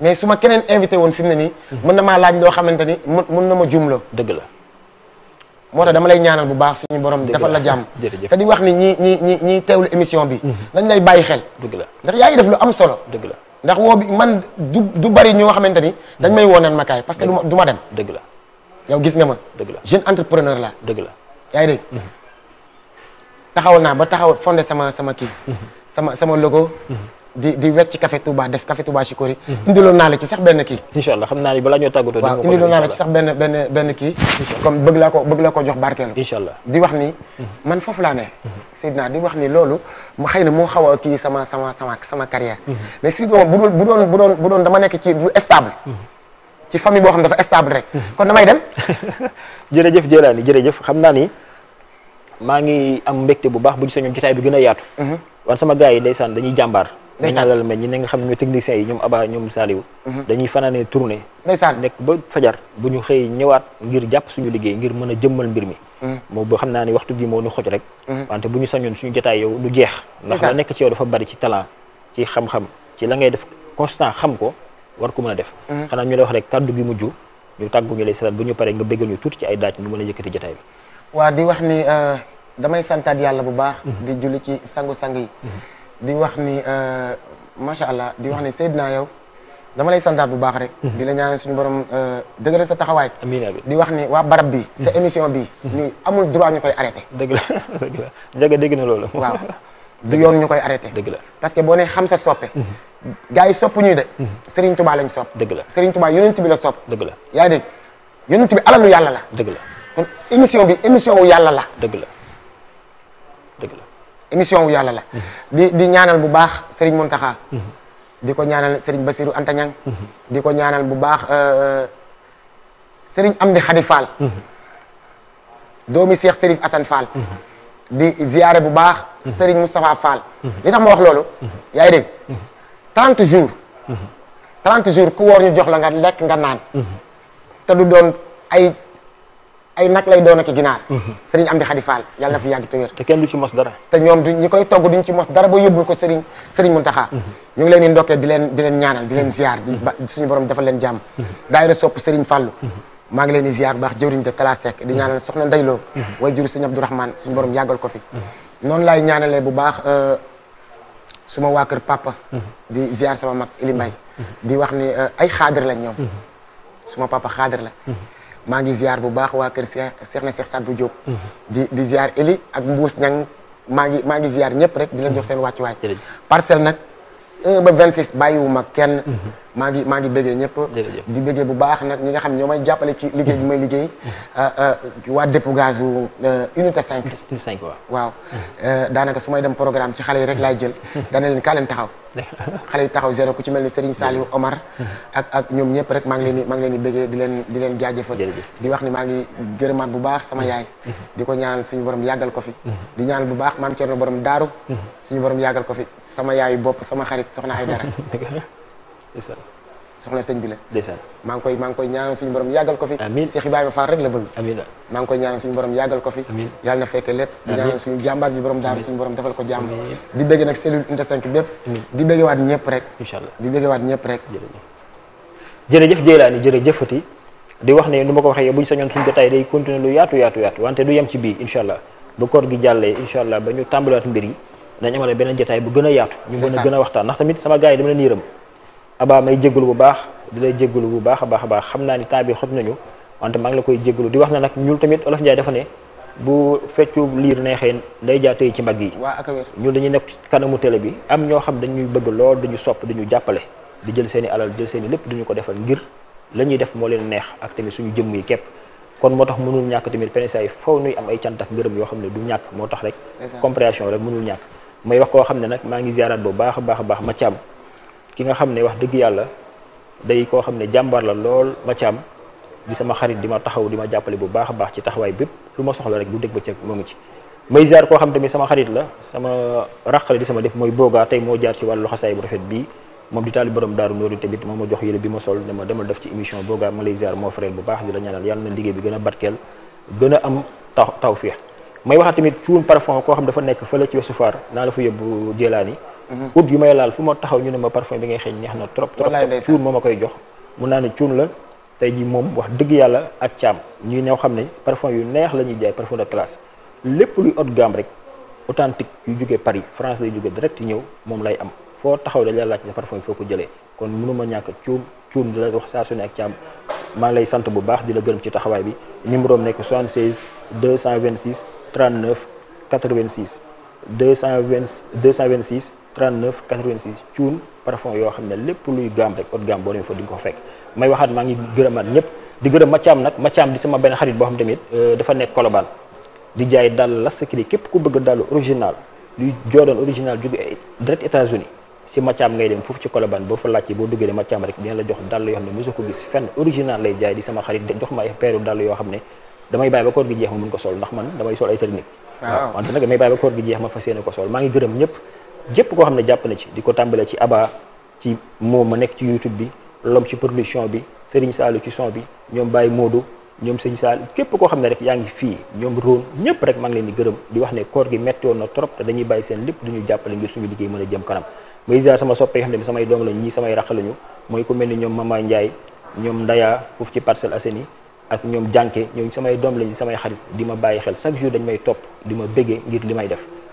mais su ma keneen invité woon fi mu ne nii. mën na maa laaj loo xamante ni mu mën na ma jumloo. dëgg la. moo tax dama lay ñaanal bu baax suñu borom defal la jàmm te di wax ni ñi ñi ñi ñiy teewlu émission bi dañ lay bàyyi xel dëgg la ndax yaa ngi def lu am solo dëgg la ndax woo bi man du du bari ñoo xamante ni dañ may woo naan ma kaay parce que du ma dem dëgg la yow gis nga ma dëgg jeune entrepreneur la dëgg la yaa mm-hmm. taxawal naa ba taxawal fondé sama sama kii mm-hmm. sama sama logo mm-hmm. di di wecc café Touba def café Touba Chicory mhm. indiloon naa la ci sax benn kii inshallah xam naa ni balaa ñoo tàggatoo waaw indiloon naa la ci sax benn benn benn kii comme bëgg laa ko bëgg laa ko jox barkeelu inshallah di wax ni mhm. man foofu laa ne mhm. Seydina di wax ni loolu mu xëy na moo xaw a kii sama sama sama sama carrière mais si doon bu doon bu doon bu doon bu doon dama nekk ci du stable ci famille boo xam dafa stable rek kon damay dem jërëjëf Jëlaani jërëjëf xam naa ni maa ngi am mbégte bu baax bu ñu sañoon jotaay bi gën a yaatu wan sama gars yi ndeysaan dañuy jàmbaar ndeysaan loolu mais ñi ne nga xam ñoo techniciens yi ñoom Aba ñoom Saliou mhm. dañuy fanaanee tournée nekk ba fajar bu ñu xëy ñëwaat ngir jàpp suñu liggéey ngir mën a jëmmal mbir mi mhm. moo ba xam naa ni waxtu gi moo ñu xoj rek mhm. wante bu ñu sañoon suñu jotaay yow du jeex ndax la nekk ci yow dafa bari ci talent ci xam-xam ci la ngay def constant xam ko war ko mën a def xanaa ñu lay wax rek kàddu gi mujj ñu tàggu ñu lay seetaan bu ñu paree nga béggal ñu tuuti ci ay daaj ñu mën a yëkkati jotaay bi waaw di wax ni euh, bu baax di ci sangu-sang yi di wax ni euh, macha allah di wax ni naa yow dama lay santaat bu baax rek. Mhm. di la ñaanal suñu borom euh, dëgëral sa taxawaay. amiin di wax ni waa barab bi sa mhm. émission bi mhm. ni amul droit ñu koy arrêté. dëgg la dëgg la dégg na loolu. waaw du yoon ñu koy arrêté. dëgg la parce que boo nee xam sa soppe. gars yi sopp ñuy de. Serigne Touba lañ sop dëgg la Serigne Touba yonent bi la sopp. dëgg la yaa ngi dégg yonent alalu yàlla la. dëgg la kon émission bi émission wu yàlla la. dëgg la la. émission wu yàlla la. di di ñaanal bu baax Serigne Mountakha. di ko ñaanal Serigne Bassirou Anta di ko ñaanal bu baax euh, Serigne Amdi Khady Fall. doomi Cheikh Serif Assane Fall. di ziare bu baax. Serigne Moustapha Fall. li tax ma wax loolu. yaa ngi dégg 30 jours. 30 jours ku woor ñu jox la nga lekk nga naan. te du doon ay nag lay doon ak ginaar mhm. sëriñ Amdi Xadi Fall yàlla na fi yàgg te wér te kenn du ci mos dara te ñoom du ñi koy togg duñ ci mos dara ba yóbbul ko sëriñ sëriñ Muntaxa mhm. ñu ngi leen di ndokkee di leen di leen ñaanal di leen mhm. ziar di suñu borom defal leen jàmm daayira sopp sëriñ Fallu maa ngi leen di ziar baax jëwriñ de Kala Seck di ñaanal soxna Ndayloo way juru sëñ Abdourahmane suñu borom yàggal ko fi noonu laay ñaanalee bu baax euh, suma waa kër papa di ziar sama mag Ili Mbay di wax ni euh, ay xaadir lañ ñoom suma papa xaadir la maa ngi ziar bu baax waa kër Cheikh na Cheikh Sadou Diop. di di ziar Eli ak Mbuus Ñang maa ngi maa ngi ziar ñëpp rek di leen jox seen wàccuwaay. parcelle nag 1 ba 26 bàyyiwuma kenn. maa ngi maa ngi bëggee ñëpp di bëggee bu baax nag ñi nga xam ñoo may jàppale ci liggéey bi may liggéey mm-hmm. ah, ah, waa dépôt gaz u euh, unité 5 5 waaw mm-hmm. euh, daanaka su may dem programme ci xale yi rek laay jël mm-hmm. dana leen kaa taxaw xale yi taxaw zéro ko ci mel ni Serigne Saliou Omar ak ñoom ñëpp rek maa ngi leen di maa ngi di bëggee di leen di leen jaajëfal di wax ni maa ngi gërëmaat bu baax sama yaay di ko ñaanal suñu borom yàggal ko fi di ñaanal bu baax maam Thierno borom daaru suñu borom yagal ko fi sama yaayu bopp sama xarit soxna soxna sëñ bi la maa ngi koy maa ngi koy ñaanal suñu borom yàggal ko fi amiin Cheikh Ibrahima Fall rek la bëgg amiin maa ngi ko fi yàlla na fekkee lépp di ñaanal suñu jàmbaar ji borom daaru suñu borom defal ko jàmm di bëgg nag cellule unité 5 bépp di bëgg waat ñëpp rek inshallah di bëgg waat ñëpp rek jërëjëf Jeylaani jërëjëfati di wax ne nu ma ko waxee buñ sañoon suñu jotaay day continuer lu yaatu yaatu yaatu wante du yem ci bii inshallah ba koor gi jàllee inshallah ba ñu tàmbaliwaat mbir yi dañ amale beneen jotaay bu gën a yaatu ñu mën a gën a waxtaan ndax tamit sama gars yi dama leen yërëm abaa may jégalu bu baax di lay jégalu bu baax a baax baax xam naa ni temps bi xot nañu wante maa ngi la koy jégalu di wax na nag ñuul tamit olof Njaay dafa ne bu feccu liir neexee nday jaatee ci mbagg yi ñun dañuy nekk ci kanamu télé bi am ñoo xam dañuy bëgg lool dañu sopp dañu jàppale di jël seen i alal jël seen i lépp duñu ko defal ngir la ñuy def moo leen neex ak tamit suñu jëmm yi képp kon moo tax mënul ñàkk tamit pensa yi faw nuy am ay cant ak ngërëm yoo xam ne du ñàkk moo tax rek compréhension rek mënul ñàkk may wax koo xam ne nag maa ngi ziaraat bu baax a baax a baax ma caam ki nga xam ne wax dëgg yàlla day koo xam ne jàmbaar la lool ma ci am di sama xarit di ma taxaw di ma jàppale bu baax a baax ci taxawaay bépp lu ma soxla rek bu dégg ba ca moo ngi ci may ziar koo xam tamit xarit la sama raqale di sama def mooy tey moo jaar ci wàllu xasaay bu rafet bii moom di taali borom daaru nóori tamit moo ma jox yële bi ma sol dama demal def ci émission boogaa ma lay ziar moo frère bu baax di la ñaanal yàlla na liggéey bi gën a barkeel gën a am taw tawfeex may waxaat tamit cuun parfum koo xam dafa nekk fële ci wesu faar naa la fa yóbbu jéelaani Mm-hmm. ut yu may laal fu ma taxaw ñu ne ma parfum bi ngay xeeñ neex na trop trop cuun moo ma koy jox mun naa ne cuun la tey ji moom wax dëgg yàlla ak caam ñuy ñoo xam ne parfum yu neex la ñuy jaay parfum de classe lépp luy haute gamme rek authentique yu jógee Paris France lay jógee direct ñëw moom lay am foo taxaw dañ la laaj sa parfum foo ko jëlee kon mënuma ñàkk cuum cuum di la wax saa su ne ak caam maa lay sant bu baax di la gërëm ci taxawaay bi numéro nekk 76 226 39 86 220 226 39 86 cuun parfum yoo xam ne lépp luy gaam rek haute gamme boo demee fa di nga ko fekk may waxaat maa ngi gërëmaat ñëpp di gërëm Mathiam nag Mathiam di ne mosoo ko gis ma ay peeru dàll ba ko sol gi jeex ma fas yéene ko sol maa ngi gërëm ñëpp jëpp koo xam ne jàpp na ci di ko tàmbale ci aba ci moo ma nekk ci youtube bi lom ci production bi Serigne Saalu ci son bi ñoom bàyyi Modou ñoom Serigne Saal képp koo xam ne rek yaa ngi fii ñoom róon ñëpp rek maa ngi leen gërëm di wax ne koor gi metti woon na trop te dañuy bàyyi seen lépp duñu jàppale ngir suñu liggéey mën a jëm kanam may ziar sama soppe yoo xam samay doom lañ ñii samay raq lañu mooy ku mel ni ñoom ma Mama Ndiaye ñoom Ndaya foofu ci Parcelles Assainies ak ñoom jànke ñooñu samay doom lañ samay xarit di ma bàyyi xel chaque jour dañ may di ma béggee ngir li may def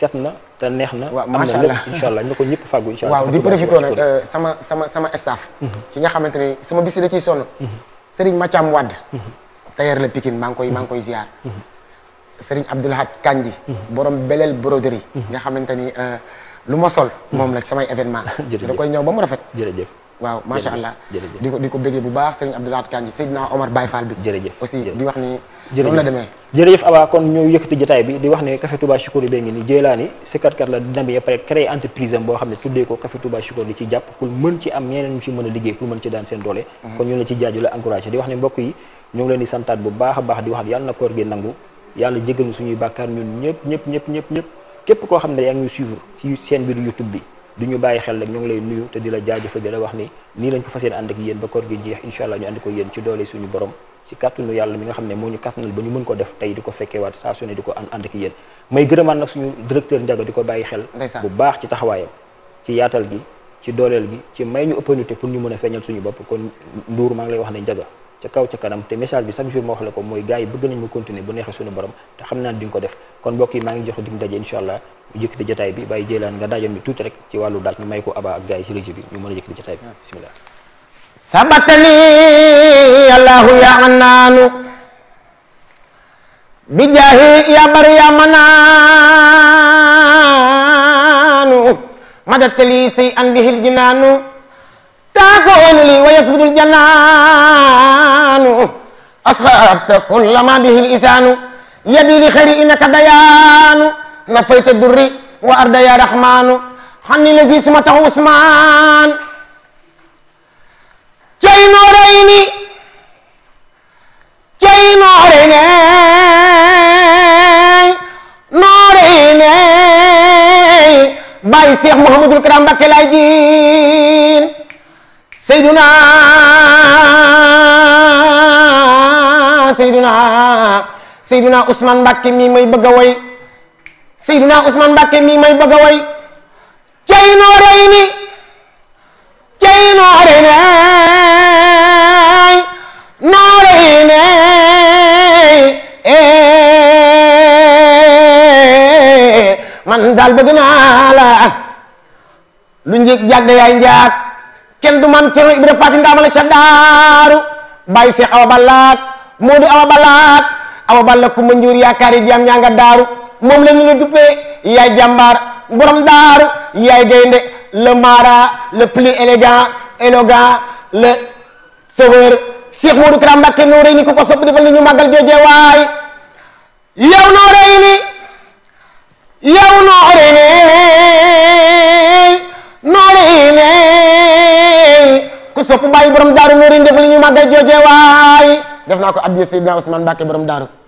set na te neex na. waaw macha allah am na lépp incha allah ñu ko ñëpp fàggu incha allah. waaw di profité nag euh, sama sama sama staff. Mhm. ki nga xamante ne sama bis da ciy sonn. ma mhm. Mathiam Wade. Mhm. tailleur la Pikine maa ngi koy maa ngi koy ziar. Serigne Abdoulahat Kanji. borom beleel broderie. nga xamante ni euh, lu ma sol. moom la samay événement da koy ñëw ba mu rafet. jërëjëf. waaw macha allah di ko di ko bëggee bu baax sëriñ Abdoulaye Kandji Seydina Omar Baye Fall bi jërëjëf aussi di wax ni noonu la demee jërëjëf Aba kon ñu yëkkati jotaay bi di wax ne Café Touba Chikouri bee ngi ni Jëlaani sikatkat la dinabi ba pare créé entreprise am boo xam ne tuddee ko Café Touba Chikouri di ci jàpp pour mën ci am ñeneen ci mën a liggéey pour mën ci daan seen doole mhm. kon ñu la ci jaaju la encouragé di wax ne mbokk yi ñu leen di santaat bu baax a baax di wax yàlla na koor nangu yàlla ñëpp ñëpp ñëpp ñëpp ñëpp képp koo xam ne yaa ngi ñu suivre bi du ñu bàyyi xel rek ñu ngi lay nuyu te di la jaajëfal di la wax ni nii lañ ko fas yéene ànd ak yéen ba koor gi jeex incha allah ñu ànd ko yéen ci doole suñu borom ci kàttanu yàlla mi nga xam ne moo ñu kàttanal ba ñu mën ko def tey di ko fekkeewaat saa su ne di ko ànd ak yéen may gërëmaan nag suñu directeur Ndiaga di ko bàyyi xel bu baax ci taxawaayam ci yaatal gi ci dooleel gi ci may ñu opportunité pour ñu mën a feeñal suñu bopp kon Ndour maa ngi wax ne Ndiaga ca kaw ca kanam te message bi chaque jour ma wax la ko mooy gars yi bëgg nañ mu continuer bu neexee suñu borom te xam naa di nga ko def kon mbokk yi maa ngi jox dig daje incha allah ñu yëkkati jotaay bi bay jëlaan nga daajoon bi tuuti rek ci wàllu daal ñu may ko aba ak gars yi si bi ñu mën a ma jotaay bi bismillah sabatani allahu ya annaanu bi jaahi ya bari ya manaanu madatali say an أصحبت كل ما به الإنسان يدي لخير إنك ديان نفيت الدر وأرد يا رحمن عني الذي سمته عثمان كي نورين كي نورين نورين باي شيخ محمد الكرام بكلاجين سيدنا sayduna sayduna Ousmane Mbacke mii may bëgg a woy sayduna Ousmane Mbacke mii may bëgg a woy cay noo rey ni cay man daal bëgg naa lu njëg jàgg yaay njaag kenn du man Cerno Ibra Faati ndaamala ca daaru bàyyi Seex Awa Balla moo di awa balaak awa balla ku ma njuur yaakaar yi jaam daaru moom la ñu la duppee yaay jàmbaar daaru yaay gaynde le mara le plus élégant élégant le sauveur Cheikh Modou Kara Mbacké Noreyni ni ku sopp bàyyi borom daaru Noreyni defal ni def naa ko addiya Seydina Ousmane Mbacke borom daaru